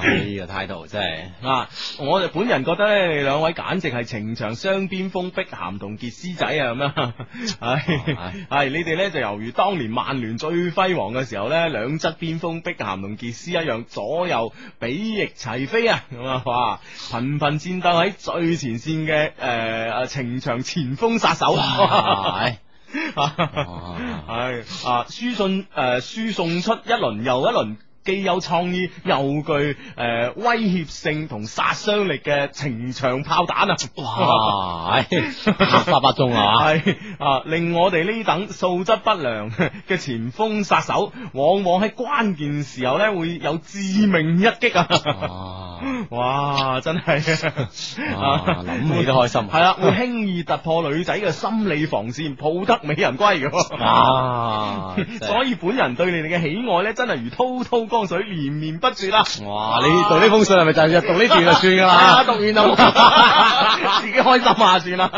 呢、這個態度真係啊！我哋本人覺得咧，你兩。兩位簡直係情場雙邊鋒碧咸同傑斯仔啊咁樣，係 係、哎哎哎、你哋呢就猶如當年曼聯最輝煌嘅時候呢，兩側邊鋒碧咸同傑斯一樣左右比翼齊飛啊咁啊，哇！頻頻戰鬥喺最前綫嘅誒誒情場前鋒殺手，係係啊，輸信誒輸、呃、送出一輪又一輪。既有創意又具誒、呃、威脅性同殺傷力嘅情場炮彈啊！哇，八八鐘啊，係啊、 哎、啊，令我哋呢等素質不良嘅前鋒殺手，往往喺關鍵時候呢會有致命一擊啊！哇 哇！真係諗你都開心，係啦，會輕易突破女仔嘅心理防線，抱得美人歸嘅。啊！所以本人對你哋嘅喜愛咧，真係如滔滔江水，連綿不絕啦。哇！你讀呢封信係咪就係讀呢段就算噶啦？讀完就自己開心下算啦。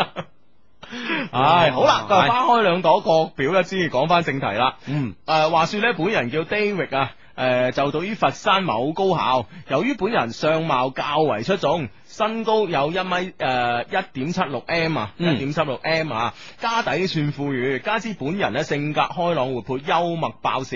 唉，好啦，花開兩朵，各表一枝，講翻正題啦。嗯，誒，話說咧，本人叫 David 啊。誒、呃，就讀於佛山某高校，由於本人相貌較為出眾，身高有一米誒一點七六 M 啊，嗯，一點七六 M 啊，家底算富裕，加之本人咧性格開朗活潑，幽默爆笑，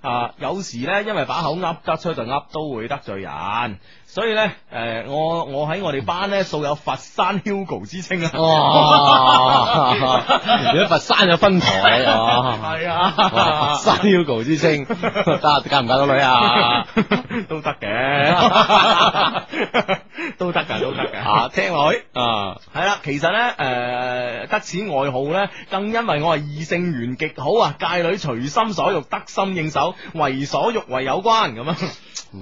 啊，呃，有時咧因為把口噏得出就噏，都會得罪人。所以咧，誒、呃，我我喺我哋班咧，素有佛山 Hugo 之稱啊！哇， 佛山有分台啊！係啊，佛山 Hugo 之稱， 可可得教唔教到女啊？都得嘅， 都得噶，都得噶。吓，聽女啊，係啦，其實咧，誒、呃，得此外號咧，更因為我係異性緣極好啊，街女隨心所欲，得心應手，為所欲為有關咁樣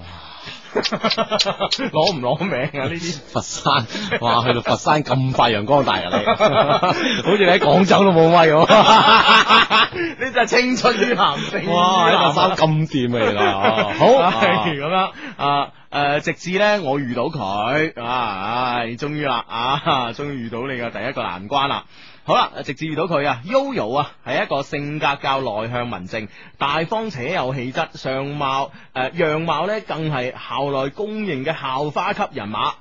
啊！ 攞唔攞名啊？ 順順呢啲佛山哇，去到佛山咁快發揚光大啊！你， 好似你喺廣州都冇威，啊，呢真係青春男神哇！喺佛山咁掂啊，原好，咁樣啊誒，直至咧我遇到佢啊，唉、哎，終於啦，啊，終於遇到你嘅第一個難關啦。好啦，直至遇到佢啊，悠悠啊，係一個性格較內向、文靜、大方且有氣質，相貌誒、呃、樣貌咧，更係校內公認嘅校花級人馬。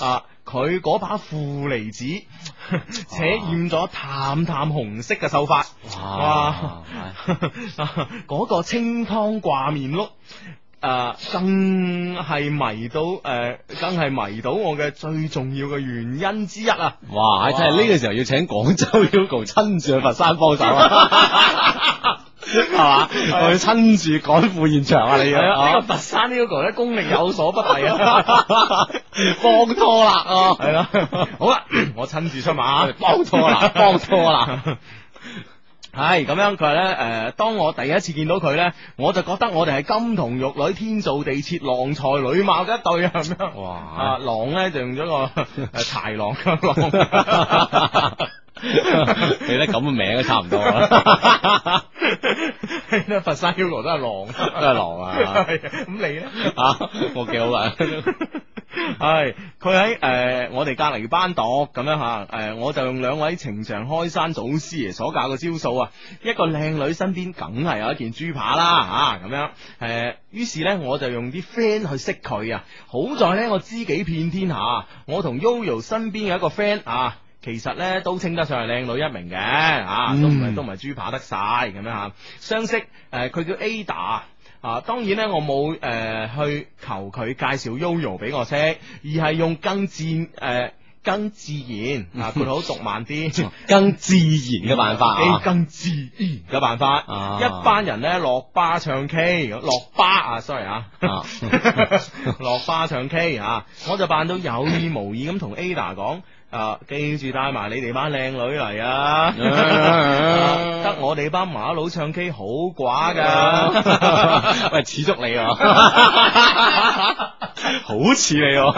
啊，佢嗰把負離子，且 染咗淡淡紅色嘅秀髮，哇，嗰個清湯掛麵咯。誒、啊，更係迷到誒、啊，更係迷到我嘅最重要嘅原因之一啊！哇， 真係呢個時候要請廣州 Ugo 親住去佛山幫手啊，係嘛？我要親自趕赴現場啊！你啊，呢個佛山 Ugo 咧功力有所不濟啊，幫拖啦！係咯，好啦，我親自出馬幫拖啦，幫拖啦。 係咁樣呢，佢話咧，誒，當我第一次見到佢咧，我就覺得我哋係金童玉女，天造地設，郎才女貌嘅一對哇啊咁樣。哇！啊，郎咧就用咗個誒豺狼嘅狼。 你 得咁嘅名都差唔多啦，佛山 Yoyo 都係狼，都係狼啊, 狼啊！ 咁你咧吓、 呃？我幾好啊！唉，佢喺誒我哋隔籬班度咁樣吓，誒我就用兩位情場開山祖師爺所教嘅招數啊，一個靚女身邊梗係有一件豬扒啦吓，咁樣誒，於、呃、是咧我就用啲 friend 去識佢啊，好在咧我知己遍天下，我同 Yoyo 身邊有一個 friend 啊。其實咧都稱得上係靚女一名嘅嚇、啊，都唔係、嗯、都唔係豬扒得晒，咁樣嚇。相識誒，佢、呃、叫 Ada 啊，當然咧我冇誒、呃、去求佢介紹 Yoyo 俾我識，而係用更自誒更自然啊，佢好讀慢啲，更自然嘅辦法，A 更自然嘅辦、啊啊、辦法，啊、一班人咧落巴唱 K，落巴啊，sorry 啊，啊 落巴唱 K 啊，我就扮到有意無意咁同 Ada 講。啊、記住帶埋你哋班靚女嚟、啊，uh, 啊！得我哋班馬佬唱 K 好寡噶，uh, 喂，似足你，啊！ 好似你啊，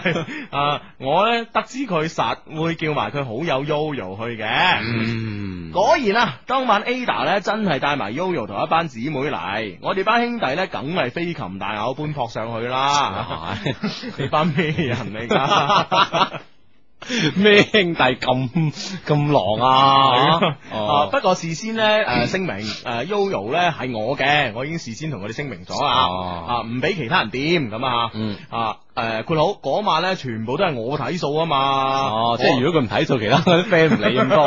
啊，我咧得知佢實會叫埋佢好友 Yoyo 去嘅，mm. 果然啊，當晚 Ada 咧真係帶埋 Yoyo 同一班姊妹嚟，我哋班兄弟咧梗係飛禽大咬般撲上去啦，嘯 你班咩人嚟噶？咩 兄弟咁咁狼啊？哦，不過事先咧誒聲明誒，Yoyo 咧係我嘅，我已經事先同佢哋聲明咗啊，唔俾、啊、其他人掂咁啊。嗯啊。誒，佢好嗰晚咧，全部都係我睇數啊嘛！哦，即係如果佢唔睇數，其他啲 friend 唔理咁多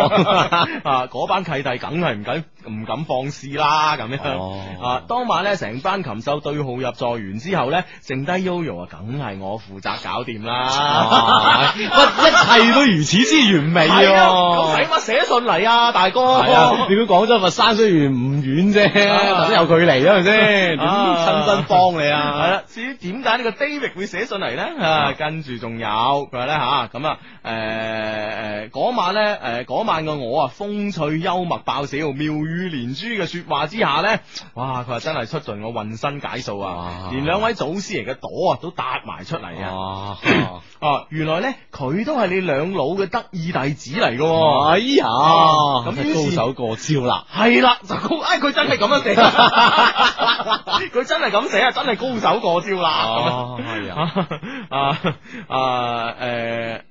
啊！嗰班契弟梗係唔敢唔敢放肆啦！咁樣啊，當晚咧，成班禽獸對號入座完之後咧，剩低 YoYo 啊，梗係我負責搞掂啦！喂，一切都如此之完美，咁使乜寫信嚟啊，大哥？你估廣州佛山雖然唔遠啫，但有距離啊，係咪先？點親身幫你啊！係啦，至於點解呢個 David 會寫信？.嚟咧、啊，啊，跟住仲有佢話咧吓，咁啊，誒、呃、誒，嗰、晚咧，誒、呃嗰、晚個我啊，風趣幽默爆笑，妙語連珠嘅說話之下咧，哇，佢話真係出盡我渾身解數啊，啊連兩位祖師爺嘅朵啊都搭埋出嚟啊，哦， 原來咧佢都係你兩老嘅得意弟子嚟嘅、哦，哎呀，咁、啊樣嗯、高手過招啦，係啦、哎，就咁，哎，佢真係咁樣寫，佢真係咁寫，真係高手過招 啦，係啊。 啊啊誒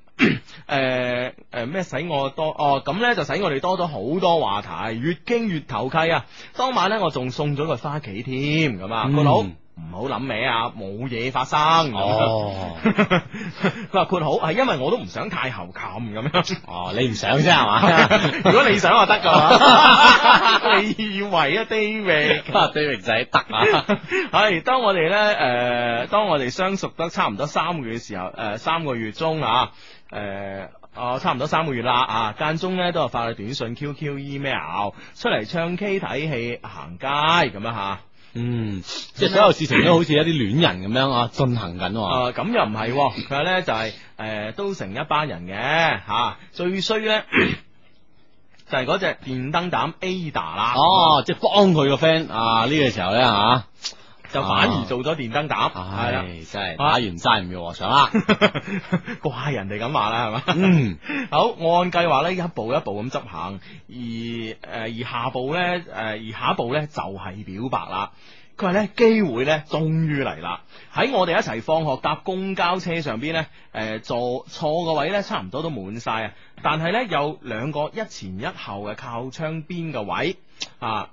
誒誒咩使我多哦咁咧就使我哋多咗好多話題，越傾越投契啊！當晚咧我仲送咗個花旗添，咁啊個佬。嗯唔好諗歪啊，冇嘢發生。哦，佢話括好，係因為我都唔想太喉冚。咁樣。哦，你唔想啫？係嘛？ 如果你想就，話得噶。你以為啊，David？d David, a v i d 就得啊。係、啊啊，當我哋咧誒，當我哋相熟得差唔多三個月嘅時候，誒、呃，三個月中啊，誒、啊，我差唔多三個月啦。啊，間中咧都係發咗短信、QQ、Email，出嚟唱 K、睇戲、行街咁樣吓。嗯，即係所有事情都好似一啲戀人咁樣啊，進行緊、呃、啊！咁又唔係，佢話咧就係、是、誒、呃，都成一班人嘅吓、啊，最衰咧 就係嗰隻電燈膽 Ada 啦。哦，嗯、即係幫佢個 friend 呢個時候咧吓。啊就反而做咗電燈膽，係、啊、的真係打完齋唔要和尚啦， 怪人哋咁話啦，係嘛，嗯， 好，我按計劃呢一步一步咁執行，而誒、呃、而下步呢，誒、呃、而下一步呢就係、是、表白啦。佢話呢機會呢終於嚟，啦，喺我哋一齊放學搭公交車上邊呢，誒、呃、坐坐個位呢差唔多都滿晒，但係呢，有兩個一前一後嘅靠窗邊嘅位啊。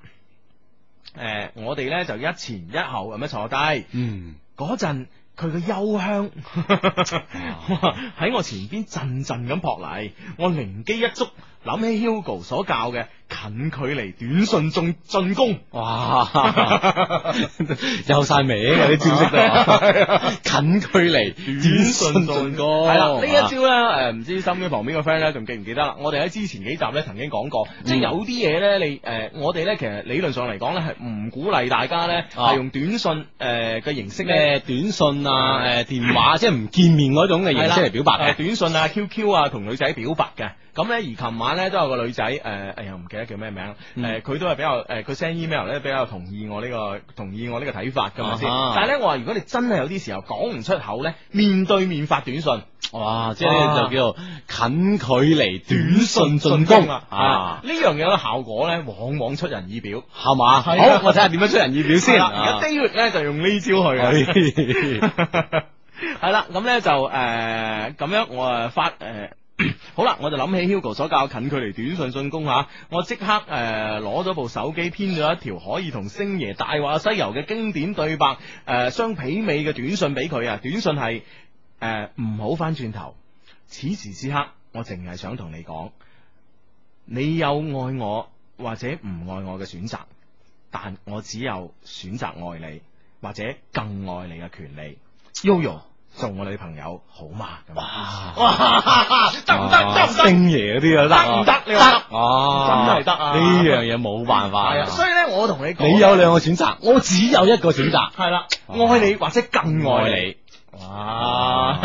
誒、呃，我哋咧就一前一後咁樣坐低，嗯，嗰陣佢嘅幽香喺、 哎、呀我前邊陣陣咁撲嚟，我靈機一觸。諗起 Hugo 所教嘅近距離短信中進攻，哇！有曬名有啲招式近距離短信進攻，係啦呢一招咧，誒唔知心機旁邊個 friend 咧仲記唔記得啦？我哋喺之前幾集咧曾經講過，即係、嗯、有啲嘢咧，你誒我哋咧其實理論上嚟講咧係唔鼓勵大家咧係用短信誒嘅形式咧，短信啊誒電話即係唔見面嗰種嘅形式嚟表白嘅短信啊 QQ 啊同女仔表白嘅，咁咧、嗯、而琴晚。咧都有個女仔，誒、呃，哎呀，唔記得叫咩名，誒、呃，佢都係比較，誒、呃，佢 send email 咧比較同意我呢、這個，同意我個、啊、哈 呢個睇法，咁嘛。先。但係咧，我話如果你真係有啲時候講唔出口咧，面對面發短信，哇，即係就叫做近距離短信進攻啊，啊！呢、啊、樣嘢咧效果咧往往出人意表，係嘛吧？啊、好， 我睇下點樣出人意表先。而家 David 咧就用呢招去嘅，係啦的，咁咧 就誒咁、呃、樣我發，我誒發誒。好啦，我就諗起 Hugo 所教近距離短信進攻吓，我即刻誒攞咗部手機編咗一條可以同星爺《大話西遊》嘅經典對白誒相媲美嘅短信俾佢啊！短信係誒唔好返轉頭，此時此刻我淨係想同你講，你有愛我或者唔愛我嘅選擇，但我只有選擇愛你或者更愛你嘅權利。Yo yo。做我女朋友好嘛？哇！得唔得？得星爺嗰啲啊，得唔得？你得哦，真係得啊！呢樣嘢冇辦法。所以咧，我同你講，你有兩個選擇，我只有一個選擇。係啦，愛你或者更愛你。啊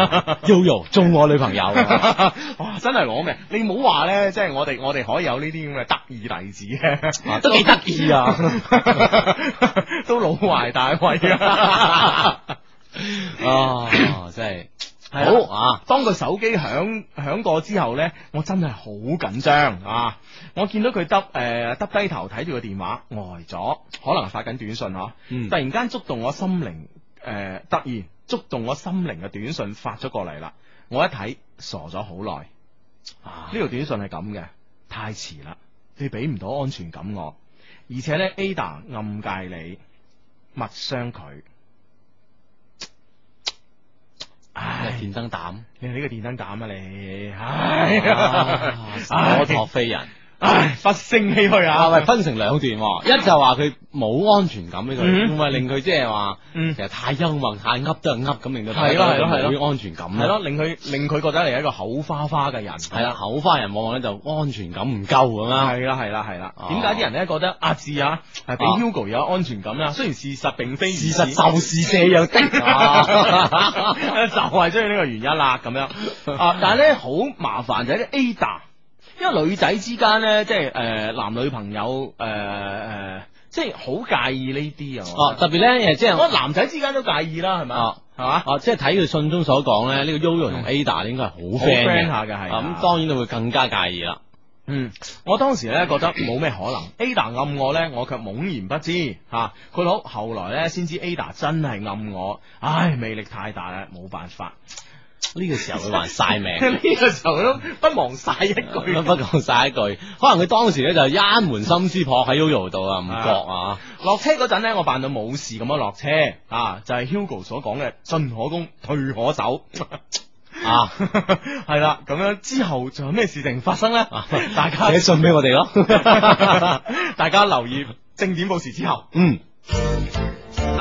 ，YoYo 做我女朋友哇！真係攞命！你唔好話咧，即係我哋我哋可以有呢啲咁嘅得意弟子都幾得意啊！都老懷大慰。啊！Oh, 啊，真係好啊！當個手機響響過之後呢，我真係好緊張啊！我見到佢耷誒耷低頭睇住個電話，呆、呃、咗，可能發緊短信嗬、啊嗯呃。突然間觸動我心靈誒，突然觸動我心靈嘅短信發咗過嚟啦！我一睇，傻咗好耐。呢條、啊、短信係咁嘅，太遲啦！你俾唔到安全感我，而且呢 Ada 暗界你，勿傷佢。係唉電燈膽，你係呢個電燈膽啊你。唉，我坐飛人。唉，發脾氣去啊，啊！喂，分成兩段，一就話佢冇安全感呢個，唔係、嗯、哼令佢即係話，嗯、其實太幽默，太噏都係噏，咁令佢係咯係咯係咯，冇安全感咯，令佢令佢覺得你係一個口花花嘅人，係啦，口花人往往咧就安全感唔夠咁啊，係啦係啦係啦，點解啲人咧覺得阿志啊係俾、啊、Hugo 有安全感啦？雖然事實並非如此，事實就是、啊、 就是這樣的，就係因為呢個原因啦，咁樣啊，但係咧好麻煩就喺、是、啲 Ada。因為女仔之間咧，即係誒男女朋友誒誒、呃呃，即係好介意呢啲啊。哦，特別咧即係我男仔之間都介意啦，係咪？哦，係嘛吧？哦，即係睇佢信中所講咧，呢、嗯、個 Yoyo 同 Ada 應該係好 friend 下嘅，係咁的、嗯，當然你會更加介意啦。嗯，我當時咧覺得冇咩可能 ，Ada 暗我咧，我卻懵然不知吓。佢、啊、好，後來咧先知 Ada 真係暗我，唉，魅力太大啦，冇辦法。呢個時候佢還晒命，呢 個時候佢都不忘晒一句， 不忘晒一句。可能佢當時咧就一門心思撲喺 Hugo 度啊，唔覺啊。落車嗰陣咧，我扮到冇事咁樣落車啊，就係、是、Hugo 所講嘅「進可攻，退可守。」 啊，係啦。咁樣之後仲有咩事情發生咧？大家寫信俾我哋咯，大家留意正點報時之後，嗯。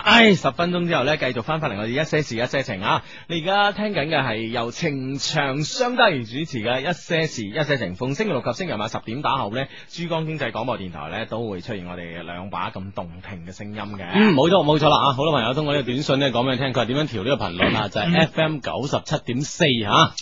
唉，十分鐘之後咧，繼續翻返嚟我哋一些事一些情啊！你而家聽緊嘅係由情長相德賢主持嘅一些事一些情，逢星期六及星期日晚十點打後咧，珠江經濟廣播電台咧都會出現我哋兩把咁動聽嘅聲音嘅。冇錯冇錯啦啊！好多朋友通過呢個短信咧講俾佢聽，佢係點樣調呢個頻率啊？就係 F M 九十七點四吓啊！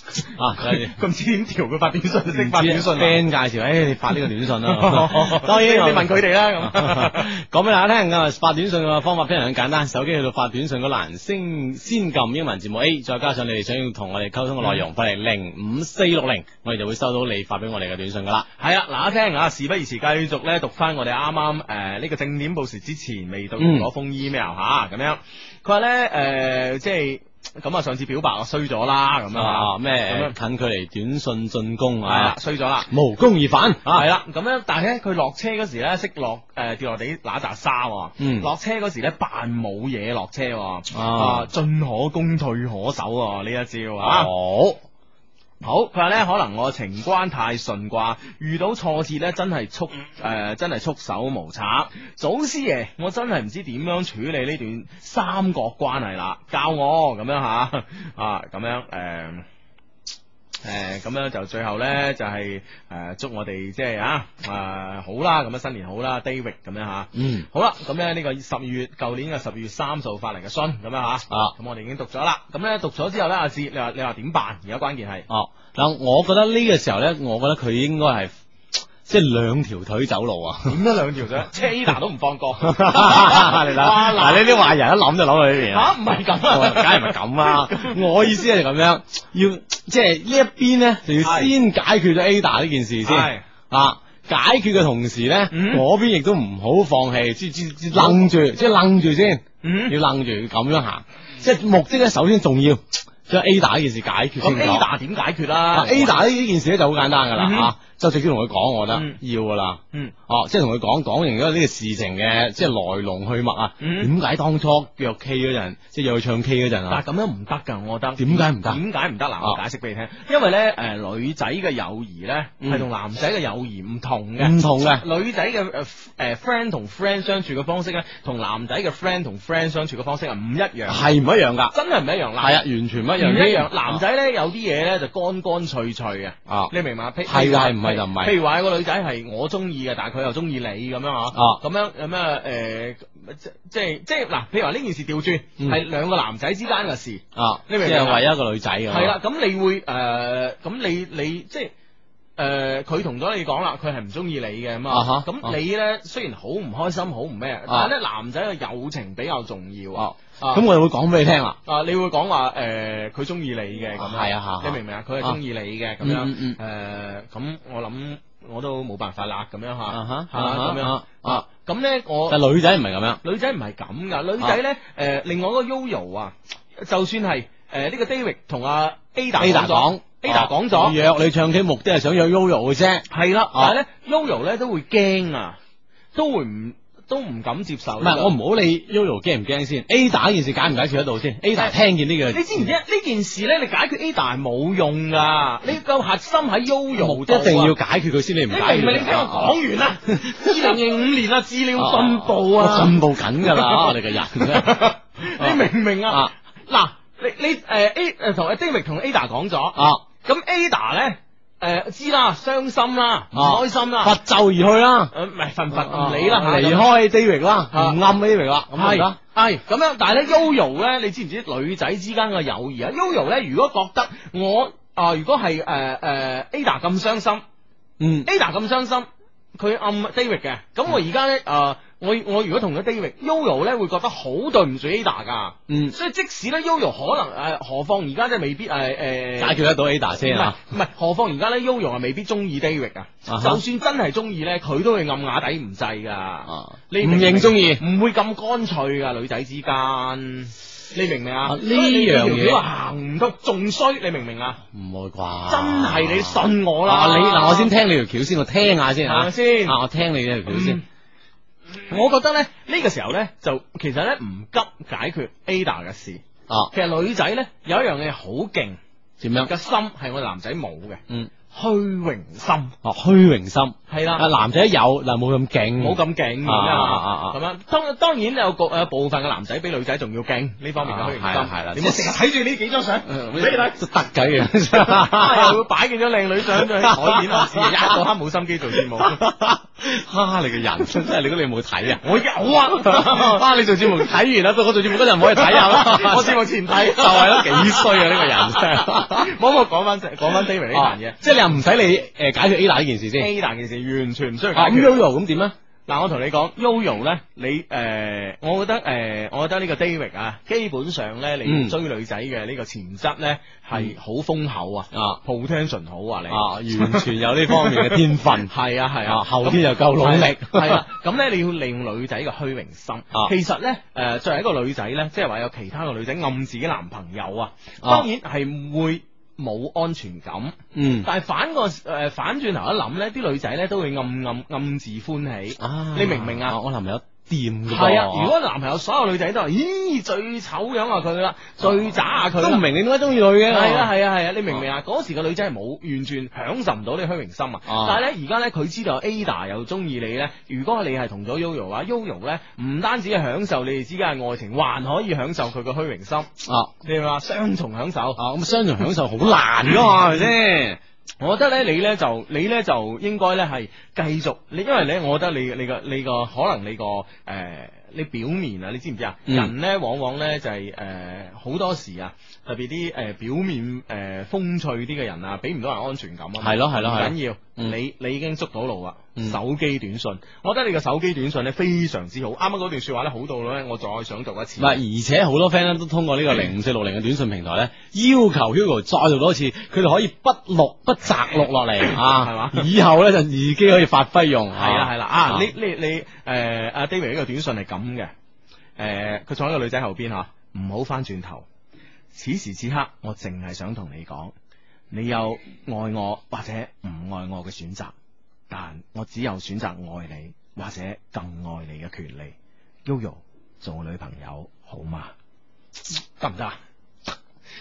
佢唔知點調，佢發短信就識發短信啊 friend 介紹，誒，你發呢個短信啦。當然你問佢哋啦咁。講俾大家聽嘅發短信嘅方法非常之簡單。但手機去到發短信個欄先先撳英文字母 A，再加上你哋想要同我哋溝通嘅內容，發嚟零五四六零，我哋就會收到你發俾我哋嘅短信噶啦。係啊、嗯，嗱、嗯，聽啊，事不宜遲，繼續咧讀翻我哋啱啱誒呢個正點報時之前未讀完嗰封 email 嚇，咁樣佢話咧誒，即係。咁啊上次表白啊，衰咗啦，咁樣啊咩近距離短信進攻啊衰咗啦，無功而返啊係啦咁樣，但係咧佢落車嗰時咧識落誒跌落地那，揦拃沙嗯，落車嗰時咧扮冇嘢，落車、嗯、啊，進可攻退可守呢一招啊好。哦好，佢話咧可能我情關太順啩，遇到挫折咧真係束誒真係束手無策。祖師爺，我真係唔知點樣處理呢段三角關係啦，教我咁樣吓啊咁樣誒。呃誒，咁樣就最後咧，就係誒，祝我哋即係啊，好啦，咁樣新年好啦，David 咁樣吓，嗯，好啦，咁咧呢個十二月，舊年嘅十二月三十號發嚟嘅信，咁樣吓，啊，咁我哋已經讀咗啦，咁咧讀咗之後咧，阿志，你話你話點辦？而家關鍵係，哦，嗱，我覺得呢個時候咧，我覺得佢應該係。即係兩條腿走路啊！點解兩條腿？Ada 都唔放過，你睇，嗱呢啲壞人一諗就諗到呢邊啊！唔係咁，梗係唔係咁啊！我意思係咁樣，要即係呢一邊咧，就要先解決咗 Ada 呢件事先啊！解決嘅同時咧，我邊亦都唔好放棄，即即即愣住，即係愣住先，要愣住要咁樣行。即係目的咧，首先重要。即係 Ada 呢件事解決 Ada 點解決啦？Ada 呢件事咧就好簡單噶啦，就直接同佢講，我覺得要噶啦，哦，即係同佢講講完咗呢個事情嘅即係來龍去脈啊，點解當初約 K 嗰人，即係又去唱 K 嗰陣啊？但係咁樣唔得噶，我覺得，點解唔得？點解唔得？我解釋俾你聽，因為咧，誒，女仔嘅友誼咧係同男仔嘅友誼唔同嘅，唔同嘅，女仔嘅誒誒 friend 同 friend 相處嘅方式咧，同男仔嘅 friend 同 friend 相處嘅方式係唔一樣，係唔一樣噶，真係唔一樣啦，係啊，完全唔一樣。唔一樣，男仔咧有啲嘢咧就乾乾脆脆嘅，啊，你明嘛？係啦，係唔係就唔係。譬如話有個女仔係我中意嘅，但係佢又中意你咁樣啊，咁樣有咩誒？即係即係嗱，譬如話呢件事調轉係、嗯、兩個男仔之間嘅事啊，你明？即係為一,一個女仔咁。係啦，咁你會誒？咁、呃、你你，你即係。誒，佢同咗你講啦，佢係唔中意你嘅咁啊。咁你咧雖然好唔開心，好唔咩，但係咧男仔嘅友情比較重要。咁我哋會講俾你聽啦。啊，你會講話誒，佢中意你嘅咁係啊。吓，你明唔明啊？佢係中意你嘅咁樣。誒，咁我諗我都冇辦法啦。咁樣吓，吓咁樣啊。咁咧我但女仔唔係咁樣，女仔唔係咁噶。女仔咧誒，另外嗰個 Yoyo 啊，就算係誒呢個 David 同阿 Ada 講。Ada 講咗，約你唱 K 目的係想約 Yoyo 嘅啫，係啦，但係咧 Yoyo 咧都會驚啊，都會唔都唔敢接受。唔係，我唔好理 Yoyo 驚唔驚先。Ada 呢件事解唔解決得到先。Ada 聽見呢句，你知唔知呢件事咧？你解決 Ada 係冇用噶，你夠核心喺 Yoyo，一定要解決佢先。你唔解，唔明？你聽我講完啦。二零二五年啊，資料進步啊，進步緊噶啦，我哋嘅人，你明唔明啊？嗱，你你誒 Ada 同阿丁力同 Ada 講咗啊。咁 Ada 咧，誒、呃，知啦，傷心啦，唔、啊、開心啦，拂袖而去啦，唔係、呃，唔理啦，離、啊、開 David 啦，唔暗、啊、David 啦，咁係啦，係咁樣，但係咧，Yoyo 咧，你知唔知女仔之間嘅友誼啊？Yoyo 咧，如果覺得我啊、呃，如果係誒誒 Ada 咁傷心，嗯，Ada 咁傷心，佢暗 David 嘅，咁我而家咧啊。呃嗯我我如果同佢 David，Yoyo 咧會覺得好對唔住 Ada 噶，嗯，所以即使咧 Yoyo 可能誒，何況而家真係未必誒誒，解決得到 Ada 先，唔係唔係，何況而家咧 Yoyo 未必中意 David 啊，就算真係中意咧，佢都會暗啞底唔制噶，你唔認中意，唔會咁乾脆噶，女仔之間，你明唔明啊？呢樣嘢行唔到仲衰，你明唔明啊？唔會啩？真係你信我啦，你嗱我先聽你條橋先，我聽下先，係咪先？啊，我聽你嘅條橋先。我覺得咧呢個時候咧就其實咧唔急解決 Ada 嘅事，啊。其實女仔咧有一樣嘢好勁，點樣個心係我哋男仔冇嘅，嗯。虛榮心啊，虛榮心係啦，男仔有嗱，冇咁勁，冇咁勁咁樣，當當然有部部分嘅男仔比女仔仲要勁呢方面嘅虛榮心係啦，你冇成日睇住呢幾張相，你睇得計嘅，又擺見咗靚女相喺台面，我成一個刻冇心機做節目，蝦你個人真係，你嗰度冇睇啊，我有啊，你做節目睇完啦，我做節目嗰陣唔可以睇下啦，我節目前睇就係咯，幾衰啊呢個人，唔好唔好講翻講翻 David 呢樣嘢，即係。又唔使你誒解決 A 呢件事先，A 男件事完全唔需要、嗯。咁 Yoyo 咁點咧？嗱，我同你講，Yoyo 咧，你誒、呃，我覺得誒、呃，我覺得呢個 David 啊，基本上咧，你追女仔嘅呢個潛質咧，係好豐厚啊，potential 好啊，你啊，完全有呢方面嘅天分，係啊係啊，啊 後天就夠努力，係、嗯、啊，咁咧你要利用女仔嘅虛榮心啊。心啊其實咧，誒、呃，作為一個女仔咧，即係話有其他嘅女仔暗示自己男朋友啊，當然係會。冇安全感，嗯，但係反過誒、呃，反轉頭一諗咧，啲女仔咧都會暗暗暗自歡喜，啊、你明唔明啊，啊？我男朋友。係啊！如果男朋友所有女仔都話，咦，最醜樣佢啦，最渣啊佢，都唔明你點解中意女嘅。係啊係啊係啊！你明唔明啊？嗰時個女仔係冇完全享受唔到啲虛榮心啊。但係咧，而家咧佢知道 Ada 又中意你咧。如果你係同咗 Yoyo 嘅話，Yoyo 咧唔單止享受你哋之間嘅愛情，還可以享受佢嘅虛榮心啊。你話雙重享受啊？咁雙重享受好難噶、啊、嘛？係咪先？我覺得咧，你咧就，你咧就應該咧係繼續，你因為咧，我覺得你你個你個可能你個誒、呃，你表面啊，你知唔知啊？嗯、人咧往往咧就係、是、誒，好、呃、多時啊，特別啲誒表面誒、呃、風趣啲嘅人啊，俾唔到人安全感啊。係咯係咯，唔緊要，要，嗯、你你已經捉到路啦。手機短信，我覺得你個手機短信咧非常之好。啱啱嗰段說話咧好到咧，我再想讀一次。而且好多 friend 咧都通過呢個零四六零嘅短信平台呢，要求 Hugo 再讀多次，佢哋可以不錄不擇錄落嚟啊。係嘛，以後呢，就自己可以發揮用。係啦係啦啊！你你你誒，阿、呃、David 呢個短信係咁嘅，誒、呃，佢坐喺個女仔後邊吓，唔好翻轉頭。此時此刻，我淨係想同你講，你有愛我或者唔愛我嘅選擇。但我只有選擇愛你或者更愛你嘅權利，Yoyo 做我女朋友好嗎？得唔得？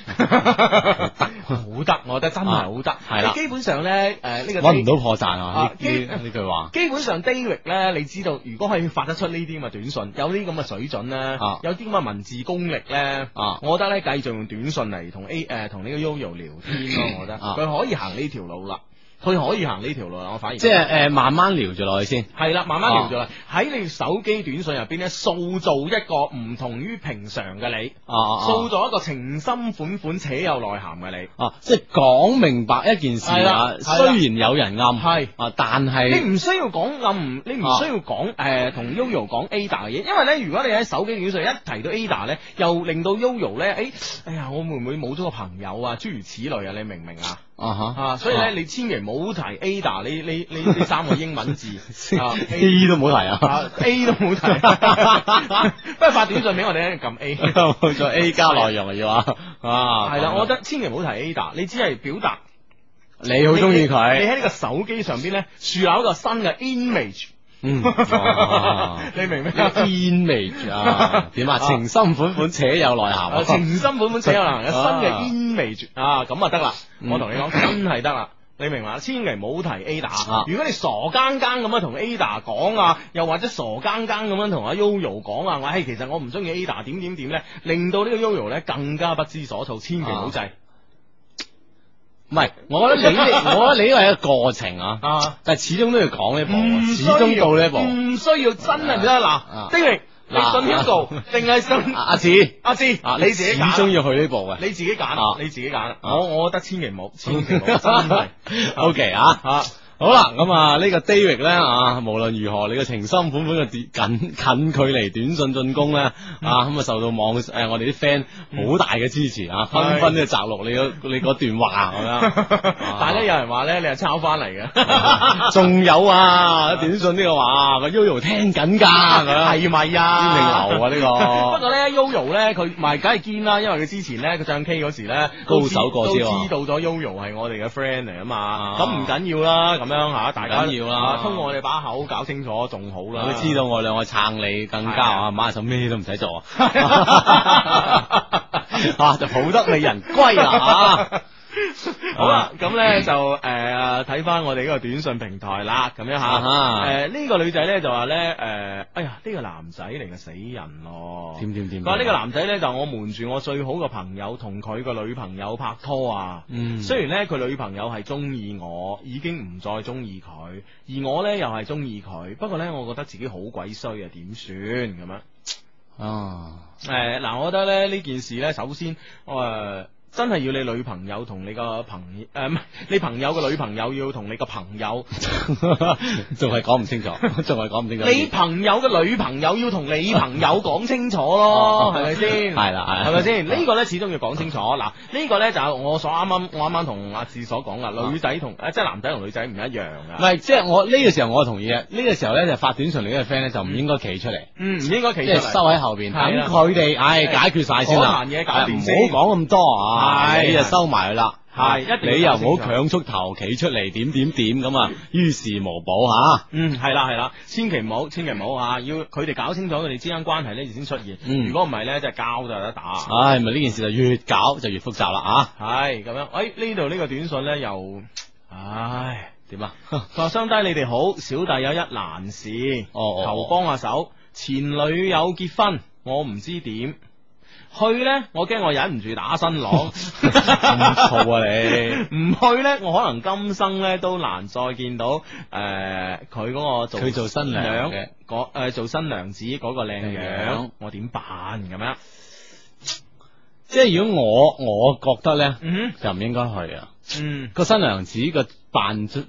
好得，我覺得真係好得，係基本上咧，誒呢個搵唔到破綻啊！呢呢句話基本上 daily 咧，你知道如果可以發得出呢啲咁嘅短信，有呢咁嘅水準咧，有啲咁嘅文字功力咧，我覺得咧繼續用短信嚟同 A 誒同呢個 Yoyo 聊天咯，我覺得佢可以行呢條路啦。佢可以行呢條路，我反而即係誒、呃，慢慢聊住落去先。係啦，慢慢聊住落去。喺、啊、你手機短信入邊咧，塑造一個唔同於平常嘅你，啊啊塑造一個情深款款且有內涵嘅你。啊，即係講明白一件事啊。雖然有人暗，係啊是的 是，但係你唔需要講暗，你唔需要講誒同 Yoyo 講 Ada 嘅嘢。因為咧，如果你喺手機短信一提到 Ada 咧，又令到 Yoyo 咧，哎，哎呀，我會唔會冇咗個朋友啊？諸如此類啊，你明唔明啊？啊吓，所以咧，你千祈唔好提 Ada，你你你呢三個英文字，A 啊都唔好提啊，A 都唔好提，不如發短信俾我哋咧，撳 A，再 A 加內容啊，要啊，係啦，我覺得千祈唔好提 Ada，你只係表達，你好中意佢，你喺呢個手機上邊咧，樹立一個新嘅 image。嗯，你明唔明啊？煙味啊，點啊？情深款款且有內涵，情深款款且有內涵，有新嘅煙味絕啊，咁啊得啦！嗯、我同你講，真係得啦！你明唔明啊，千祈唔好提 Ada，、啊、如果你傻更更咁樣同 Ada 講啊，又或者傻更更咁樣同阿 Uro 講啊，我、哎、嘿，其實我唔中意 Ada 點點點咧，令到呢個 Uro 咧更加不知所措，千祈唔好制。啊。唔係，我覺得你，我覺得你呢個係一個過程啊，但係始終都要講呢一步，始終到呢一步，唔需要，真係唔得，嗱，丁力，你信邊個定係信阿志？阿志，你自己，始終要去呢步啊，你自己揀，你自己揀，我我覺得千祈唔好，千祈唔好，OK 啊。好啦，咁啊呢個 David 咧啊，無論如何你嘅情深款款嘅近近距離短信進攻咧、嗯、啊，咁啊受到網誒、呃、我哋啲 friend 好大嘅支持啊，紛紛都摘錄你個你嗰段話。樣、嗯，啊、但係咧有人話咧你係抄翻嚟嘅，仲、啊、有啊短信呢個話個 Yoyo 聽緊噶，係咪、嗯、啊？真係流啊呢、這個。 不過咧 Yoyo 咧佢唔係梗係堅啦，因為佢之前咧佢唱 K 時咧高手過招，知道咗 Yoyo 係我哋嘅 friend 嚟啊嘛。咁唔緊要啦咁。啊啊啊啊咁大家要啦。通過我哋把口搞清楚，仲好啦。佢知道我兩個撐你，更加嚇，馬上就咩都唔使做， 啊，就抱得美人歸啦嚇。 好啦吧，咁呢就誒睇翻我哋呢個短信平台啦，咁樣吓。誒、啊、呢、uh huh. 呃這個女仔呢就話呢，誒、呃、哎呀呢、這個男仔嚟個死人咯。點，點點點。不過呢個男仔呢，就我瞞住我最好個朋友同佢個女朋友拍拖啊。嗯。雖然呢，佢女朋友係中意我，已經唔再中意佢，而我呢又係中意佢。不過呢，我覺得自己好鬼衰啊，點算咁樣？啊、嗯。誒嗱、uh. uh, 呃，我覺得咧呢件事呢，首先我誒。嘞真係要你女朋友同你個朋友誒，唔係你朋友個女朋友要同你個朋友，仲係講唔清楚，仲係講唔清楚。你朋友嘅女朋友要同你朋友講清楚咯，係咪先？係啦，係咪先？呢個咧始終要講清楚。嗱，呢個咧就係我所啱啱我啱啱同阿志所講噶，女仔同誒即係男仔同女仔唔一樣噶。唔係，即係我呢個時候我同意嘅，呢個時候咧就發短信你呢個 friend 咧就唔應該企出嚟，嗯，唔應該企出嚟，收喺後邊等佢哋，唉，解決晒先啦，唔好講咁多啊。係你、哎、的收埋啦，係的，的一你又唔好強出頭企出嚟點點點咁，於事無補吓。啊、嗯，係啦係啦，千祈唔好，千祈唔好吓，要佢哋搞清楚佢哋之間關係咧先出現。如果唔係呢，就係、是、交到有得打。唉、哎，咪呢件事就越搞就越複雜啦吓，係咁樣，哎，呢度呢個短信呢，又，唉，點啊？話雙 低你哋好，小弟有一難事，哦哦哦求幫下、啊、手。前女友結婚，我唔知點。去呢，我驚我忍唔住打新郎。咁嘈 啊你！唔 去呢，我可能今生呢都難再見到誒，佢、呃、嗰個做佢做新娘嘅誒的做新娘子嗰個靚樣，娘我點辦咁樣？即係如果我我覺得呢，mm hmm. 就唔應該去啊。嗯、mm，個、hmm. 新娘子個扮出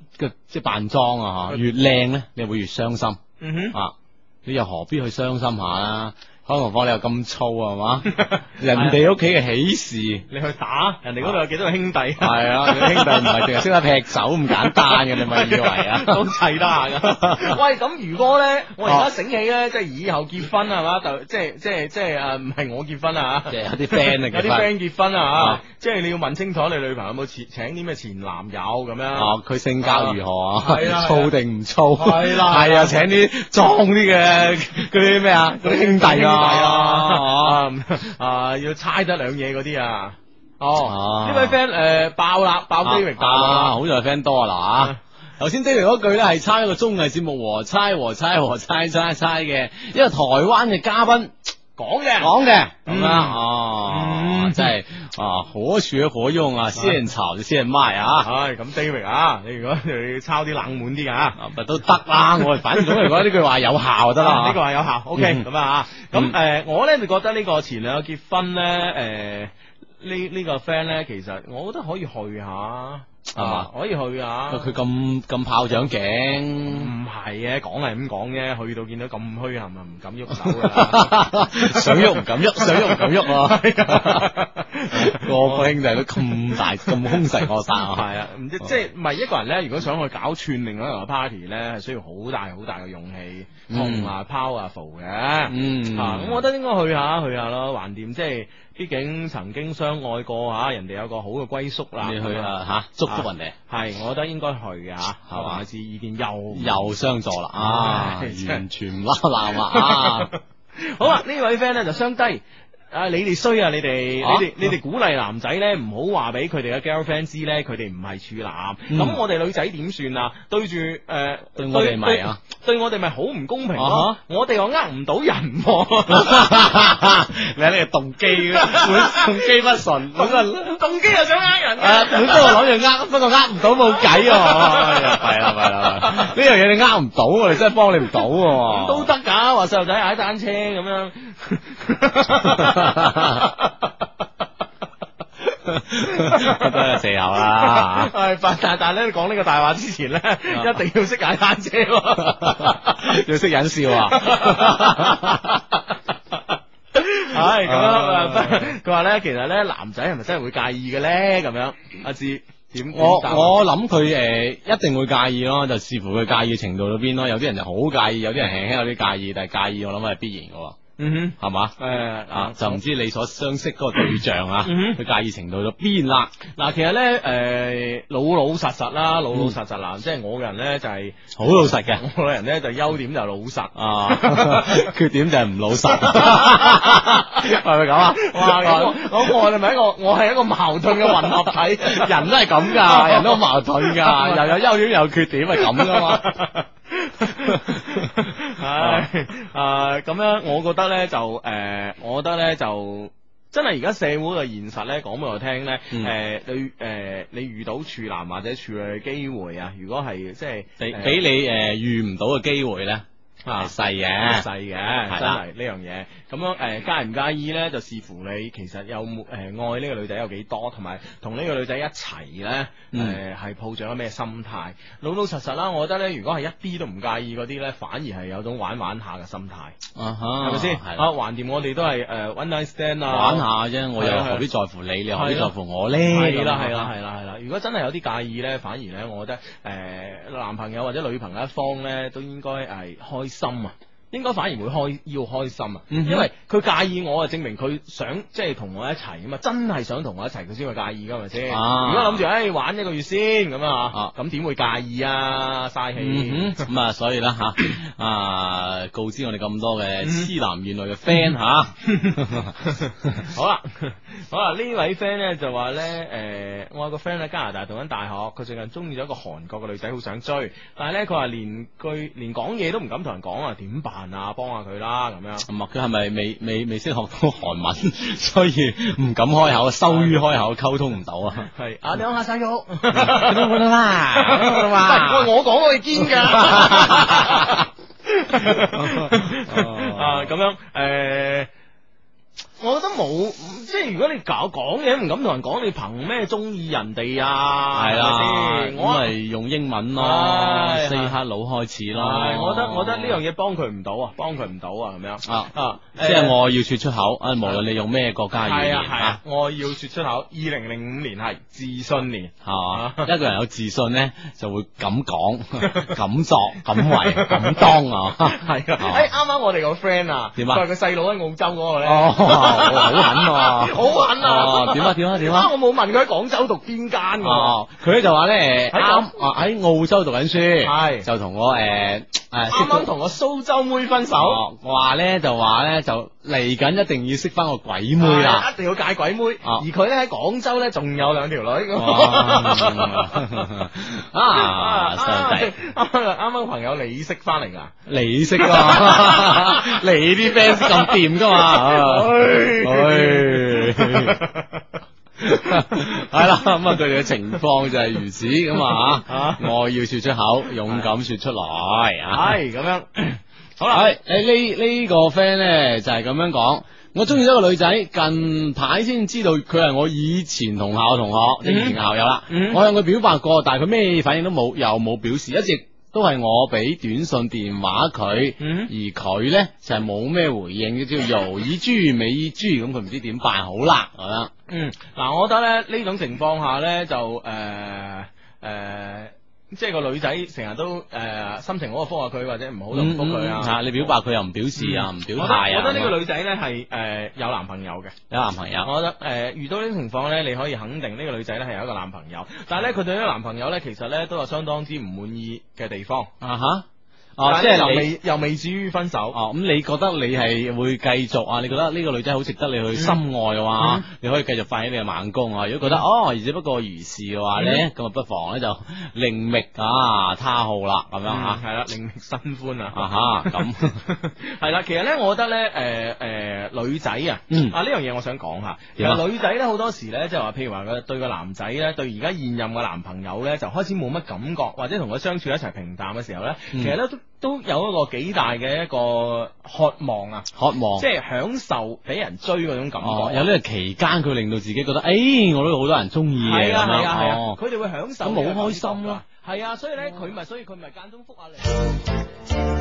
即係扮妝啊，越靚呢，你會越傷心。Mm hmm. 啊，你又何必去傷心下、啊、啦？康同發，你又咁粗係嘛？ 人哋屋企嘅喜事，你去打人哋嗰度，有幾多個兄弟？係 啊，兄弟唔係淨係識得劈手咁簡單嘅，你咪以為 啊？都砌得下㗎，啊。 喂，咁如果咧，我而家醒起咧，即係以後結婚係嘛？即係即係即係誒，唔係，啊，我結婚啊，即係有啲 friend 啊，有啲 friend 結婚啊，即係你要問清楚你女朋友有冇請啲咩前男友咁樣？哦，啊，佢性格如何啊？係 啊，啊啊粗定唔粗？係啦，係啊，請啲壯啲嘅嗰啲咩啊，啲 兄弟啊。係啦、啊啊 啊，啊，要猜得兩嘢嗰啲啊，哦，呢、啊、位 friend 誒、呃、爆啦，爆 David 爆啦、啊啊，好在 friend 多啦，吓、啊，頭先 David 嗰句咧係猜一個綜藝節目和猜和猜和猜和猜猜嘅，一個台灣嘅嘉賓講嘅講嘅，咁的、嗯、啊哦，即係、嗯。啊啊，活學活用啊，現炒就現賣啊！唉、哎，咁 David 啊，你如果你抄啲冷門啲啊，咪、啊、都得啦、啊。我哋反正覺得呢句話有效就得啦。呢句話有效，OK，咁、嗯、啊，咁誒、嗯呃，我咧就覺得呢個前女友結婚咧，誒、呃，這個這個、呢呢個 friend 咧，其實我覺得可以去下。啊！可以去啊！佢咁咁炮仗頸，唔係嘅，講係咁講啫。去到見到咁虛，係啊，唔敢喐手啊？想喐唔敢喐，想喐唔敢喐啊！個個兄弟都咁大咁凶神惡煞啊！係啊，唔即係唔係一個人咧？如果想去搞串另外一個 party 咧，係需要好大好大嘅勇氣同 powerful 嘅。嗯啊，咁我覺得應該去下去下咯，橫掂，即係，畢竟曾經相愛過吓，人哋有個好嘅歸宿啦。你去啦吓，祝。係、嗯嗯，我覺得應該去嘅吓，下嘛吧？啲意見又又相助啦，嗯、啊，完全唔拉拉啊！好啦，呢位 friend 咧就相低。啊！你哋衰啊！你哋，你哋，你哋鼓勵男仔咧，唔好話俾佢哋嘅 girlfriend 知咧，佢哋唔係處男。咁我哋女仔點算啊？對住誒，對我哋咪啊，對我哋咪好唔公平咯。我哋又呃唔到人，你係你動機，動機不純，咁啊動機又想呃人，啊不過攞樣呃，不過呃唔到冇計哦。係啦係啦，呢樣嘢你呃唔到，啊，你真係幫你唔到。都得噶，話細路仔踩單車咁樣。都有借口啦吓！係，但但咧講呢個大話之前咧，一定要識踩單車、啊， 要識忍笑。啊、哎，係咁啊！佢話咧，其實咧男仔係咪真係會介意嘅咧？咁樣，阿志點？我答我諗佢，誒，一定會介意咯，就視乎佢介意程度到邊咯。有啲人就好介意，有啲人輕輕有啲介意，但係介意我諗係必然嘅。嗯哼，係嘛？誒，啊，就唔知你所相識嗰個對象啊，佢介意程度到邊啦？嗱，其實咧，誒，老老實實啦，老老實實啦，即係我嘅人咧就係好老實嘅，我嘅人咧就優點就老實啊，缺點就係唔老實，係咪咁啊？哇，咁我哋咪一個，我係一個矛盾嘅混合體，人都係咁噶，人都矛盾噶，又有優點又有缺點，係咁噶嘛。唉， 啊，咁樣，我覺得呢，就，誒、呃，我覺得呢，就，真係而家社會嘅現實呢。講俾我聽呢，誒、嗯呃，遇，誒、呃，你遇到處男或者處女嘅機會啊，如果係即係俾你，誒、呃，遇唔到嘅機會呢？啊細嘅細嘅真係呢樣嘢，咁樣誒，介唔介意咧就視乎你其實有冇誒，愛呢個女仔有幾多，同埋同呢個女仔一齊咧，誒，係抱着咩心態。老老實實啦，我覺得咧如果係一啲都唔介意啲咧，反而係有種玩玩下嘅心態。啊吓，係咪先？啊，橫掂我哋都係誒 one night stand 啊，玩下啫，我又何必在乎你？你何必在乎我咧？係啦係啦係啦係啦，如果真係有啲介意咧，反而咧我覺得誒，男朋友或者女朋友一方咧都應該誒開。心啊！應該反而會開，要開心啊！因為佢介意我啊，證明佢想即係同我一齊啊嘛！真係想同我一齊，佢先會介意噶，係咪先？如果諗住，哎、欸，玩一個月先咁啊！咁點會介意啊？嘥氣咁啊、嗯嗯嗯！所以啦吓、啊，啊，告知我哋咁多嘅痴、嗯、男怨女嘅 friend 吓。好啦好啦，位呢位 friend 咧就話咧誒，我有個 friend 喺加拿大讀緊大學，佢最近鍾意咗一個韓國嘅女仔，好想追，但係咧佢話連句連講嘢都唔敢同人講啊，點辦？啊，幫下佢啦，咁樣唔係，佢係咪未未未識學到韓文，所以唔敢開口，啊，羞於開口，溝通唔到是啊。係係，兩下洗浴，得啦。喂，我講我係堅㗎。啊，咁樣誒。呃我覺得冇，即係如果你搞講嘢唔敢同人講，你憑咩中意人哋啊？係咪我咪用英文咯，四克佬開始咯。我覺得我覺得呢樣嘢幫佢唔到啊，幫佢唔到啊，咁樣啊啊！即係我要說出口，無論你用咩國家語言，係啊我要說出口。二零零五年係自信年，係嘛？一個人有自信咧，就會敢講、敢作、敢為、敢當啊！係啊！誒，啱啱我哋個 friend 啊，點啊？佢細佬喺澳洲嗰個咧。好、哦、狠、啊，好狠啊！點啊點啊點啊！我冇問佢喺廣州讀邊間、啊，佢咧、哦、就話咧喺澳喺澳洲讀緊書，係的就同我誒。的誒，啱啱同個蘇州妹分手，話咧就話咧就嚟緊，一定要識翻個鬼妹啦，一定要戒鬼妹。而佢咧喺廣州咧，仲有兩條女。啊，兄弟，啱啱朋友你識翻嚟噶，你識啊？你啲 fans 咁掂噶嘛？係啦，咁 啊，佢哋嘅情況就係如此咁啊，啊，我要說出口，勇敢說出來，係咁樣，好啦，係誒呢呢個 friend 呢，就係、是、咁樣講，我中意一個女仔，近排先知道佢係我以前同校同學，mm hmm. 以前校友啦，我向佢表白過，但係佢咩反應都冇，又冇表示，一直都係我俾短信電話佢，mm hmm. 而佢呢，就係冇咩回應嘅，即係又以豬美豬咁，佢唔知點辦好啦，我覺 嗯，嗱，我覺得咧呢種情況下呢，就誒誒，即係個女仔成日都誒心情好就敷下佢，或者唔好就唔敷佢啊。你表白佢又唔表示啊，唔表示。我覺得呢，呢、呃呃、個女仔呢係誒有男朋友嘅，有男朋友。朋友我覺得誒、呃、遇到呢種情況呢，你可以肯定呢個女仔呢係有一個男朋友，但係呢，佢對呢個男朋友呢，其實呢都有相當之唔滿意嘅地方啊吓。哦，即係又未至於分手哦。咁你覺得你係會繼續啊？你覺得呢個女仔好值得你去深愛嘅話，嗯、你可以繼續發起你嘅猛攻啊。如果覺得哦，只不過如是嘅話咧，咁、嗯、不妨咧就另覓他好啦，咁樣吓。係啦、嗯，另覓新歡啊，吓咁係啦。其實咧，我覺得咧，誒、呃、誒、呃，女仔啊，啊呢樣嘢我想講下。嗯、其實女仔咧好多時咧，即係話譬如話佢對個男仔咧，對而家現任嘅男朋友咧，就開始冇乜感覺，或者同佢相處一齊平淡嘅時候咧，嗯、其實咧都有一個幾大嘅一個渴望啊，渴望，即係享受俾人追嗰種感覺，啊哦。有呢個期間，佢令到自己覺得，誒、哎，我都好多人中意。係啊係啊係啊，佢哋，啊啊哦、會享受咁好開心咯，啊。係啊，所以咧，佢咪，嗯、所以佢咪間中覆下你。嗯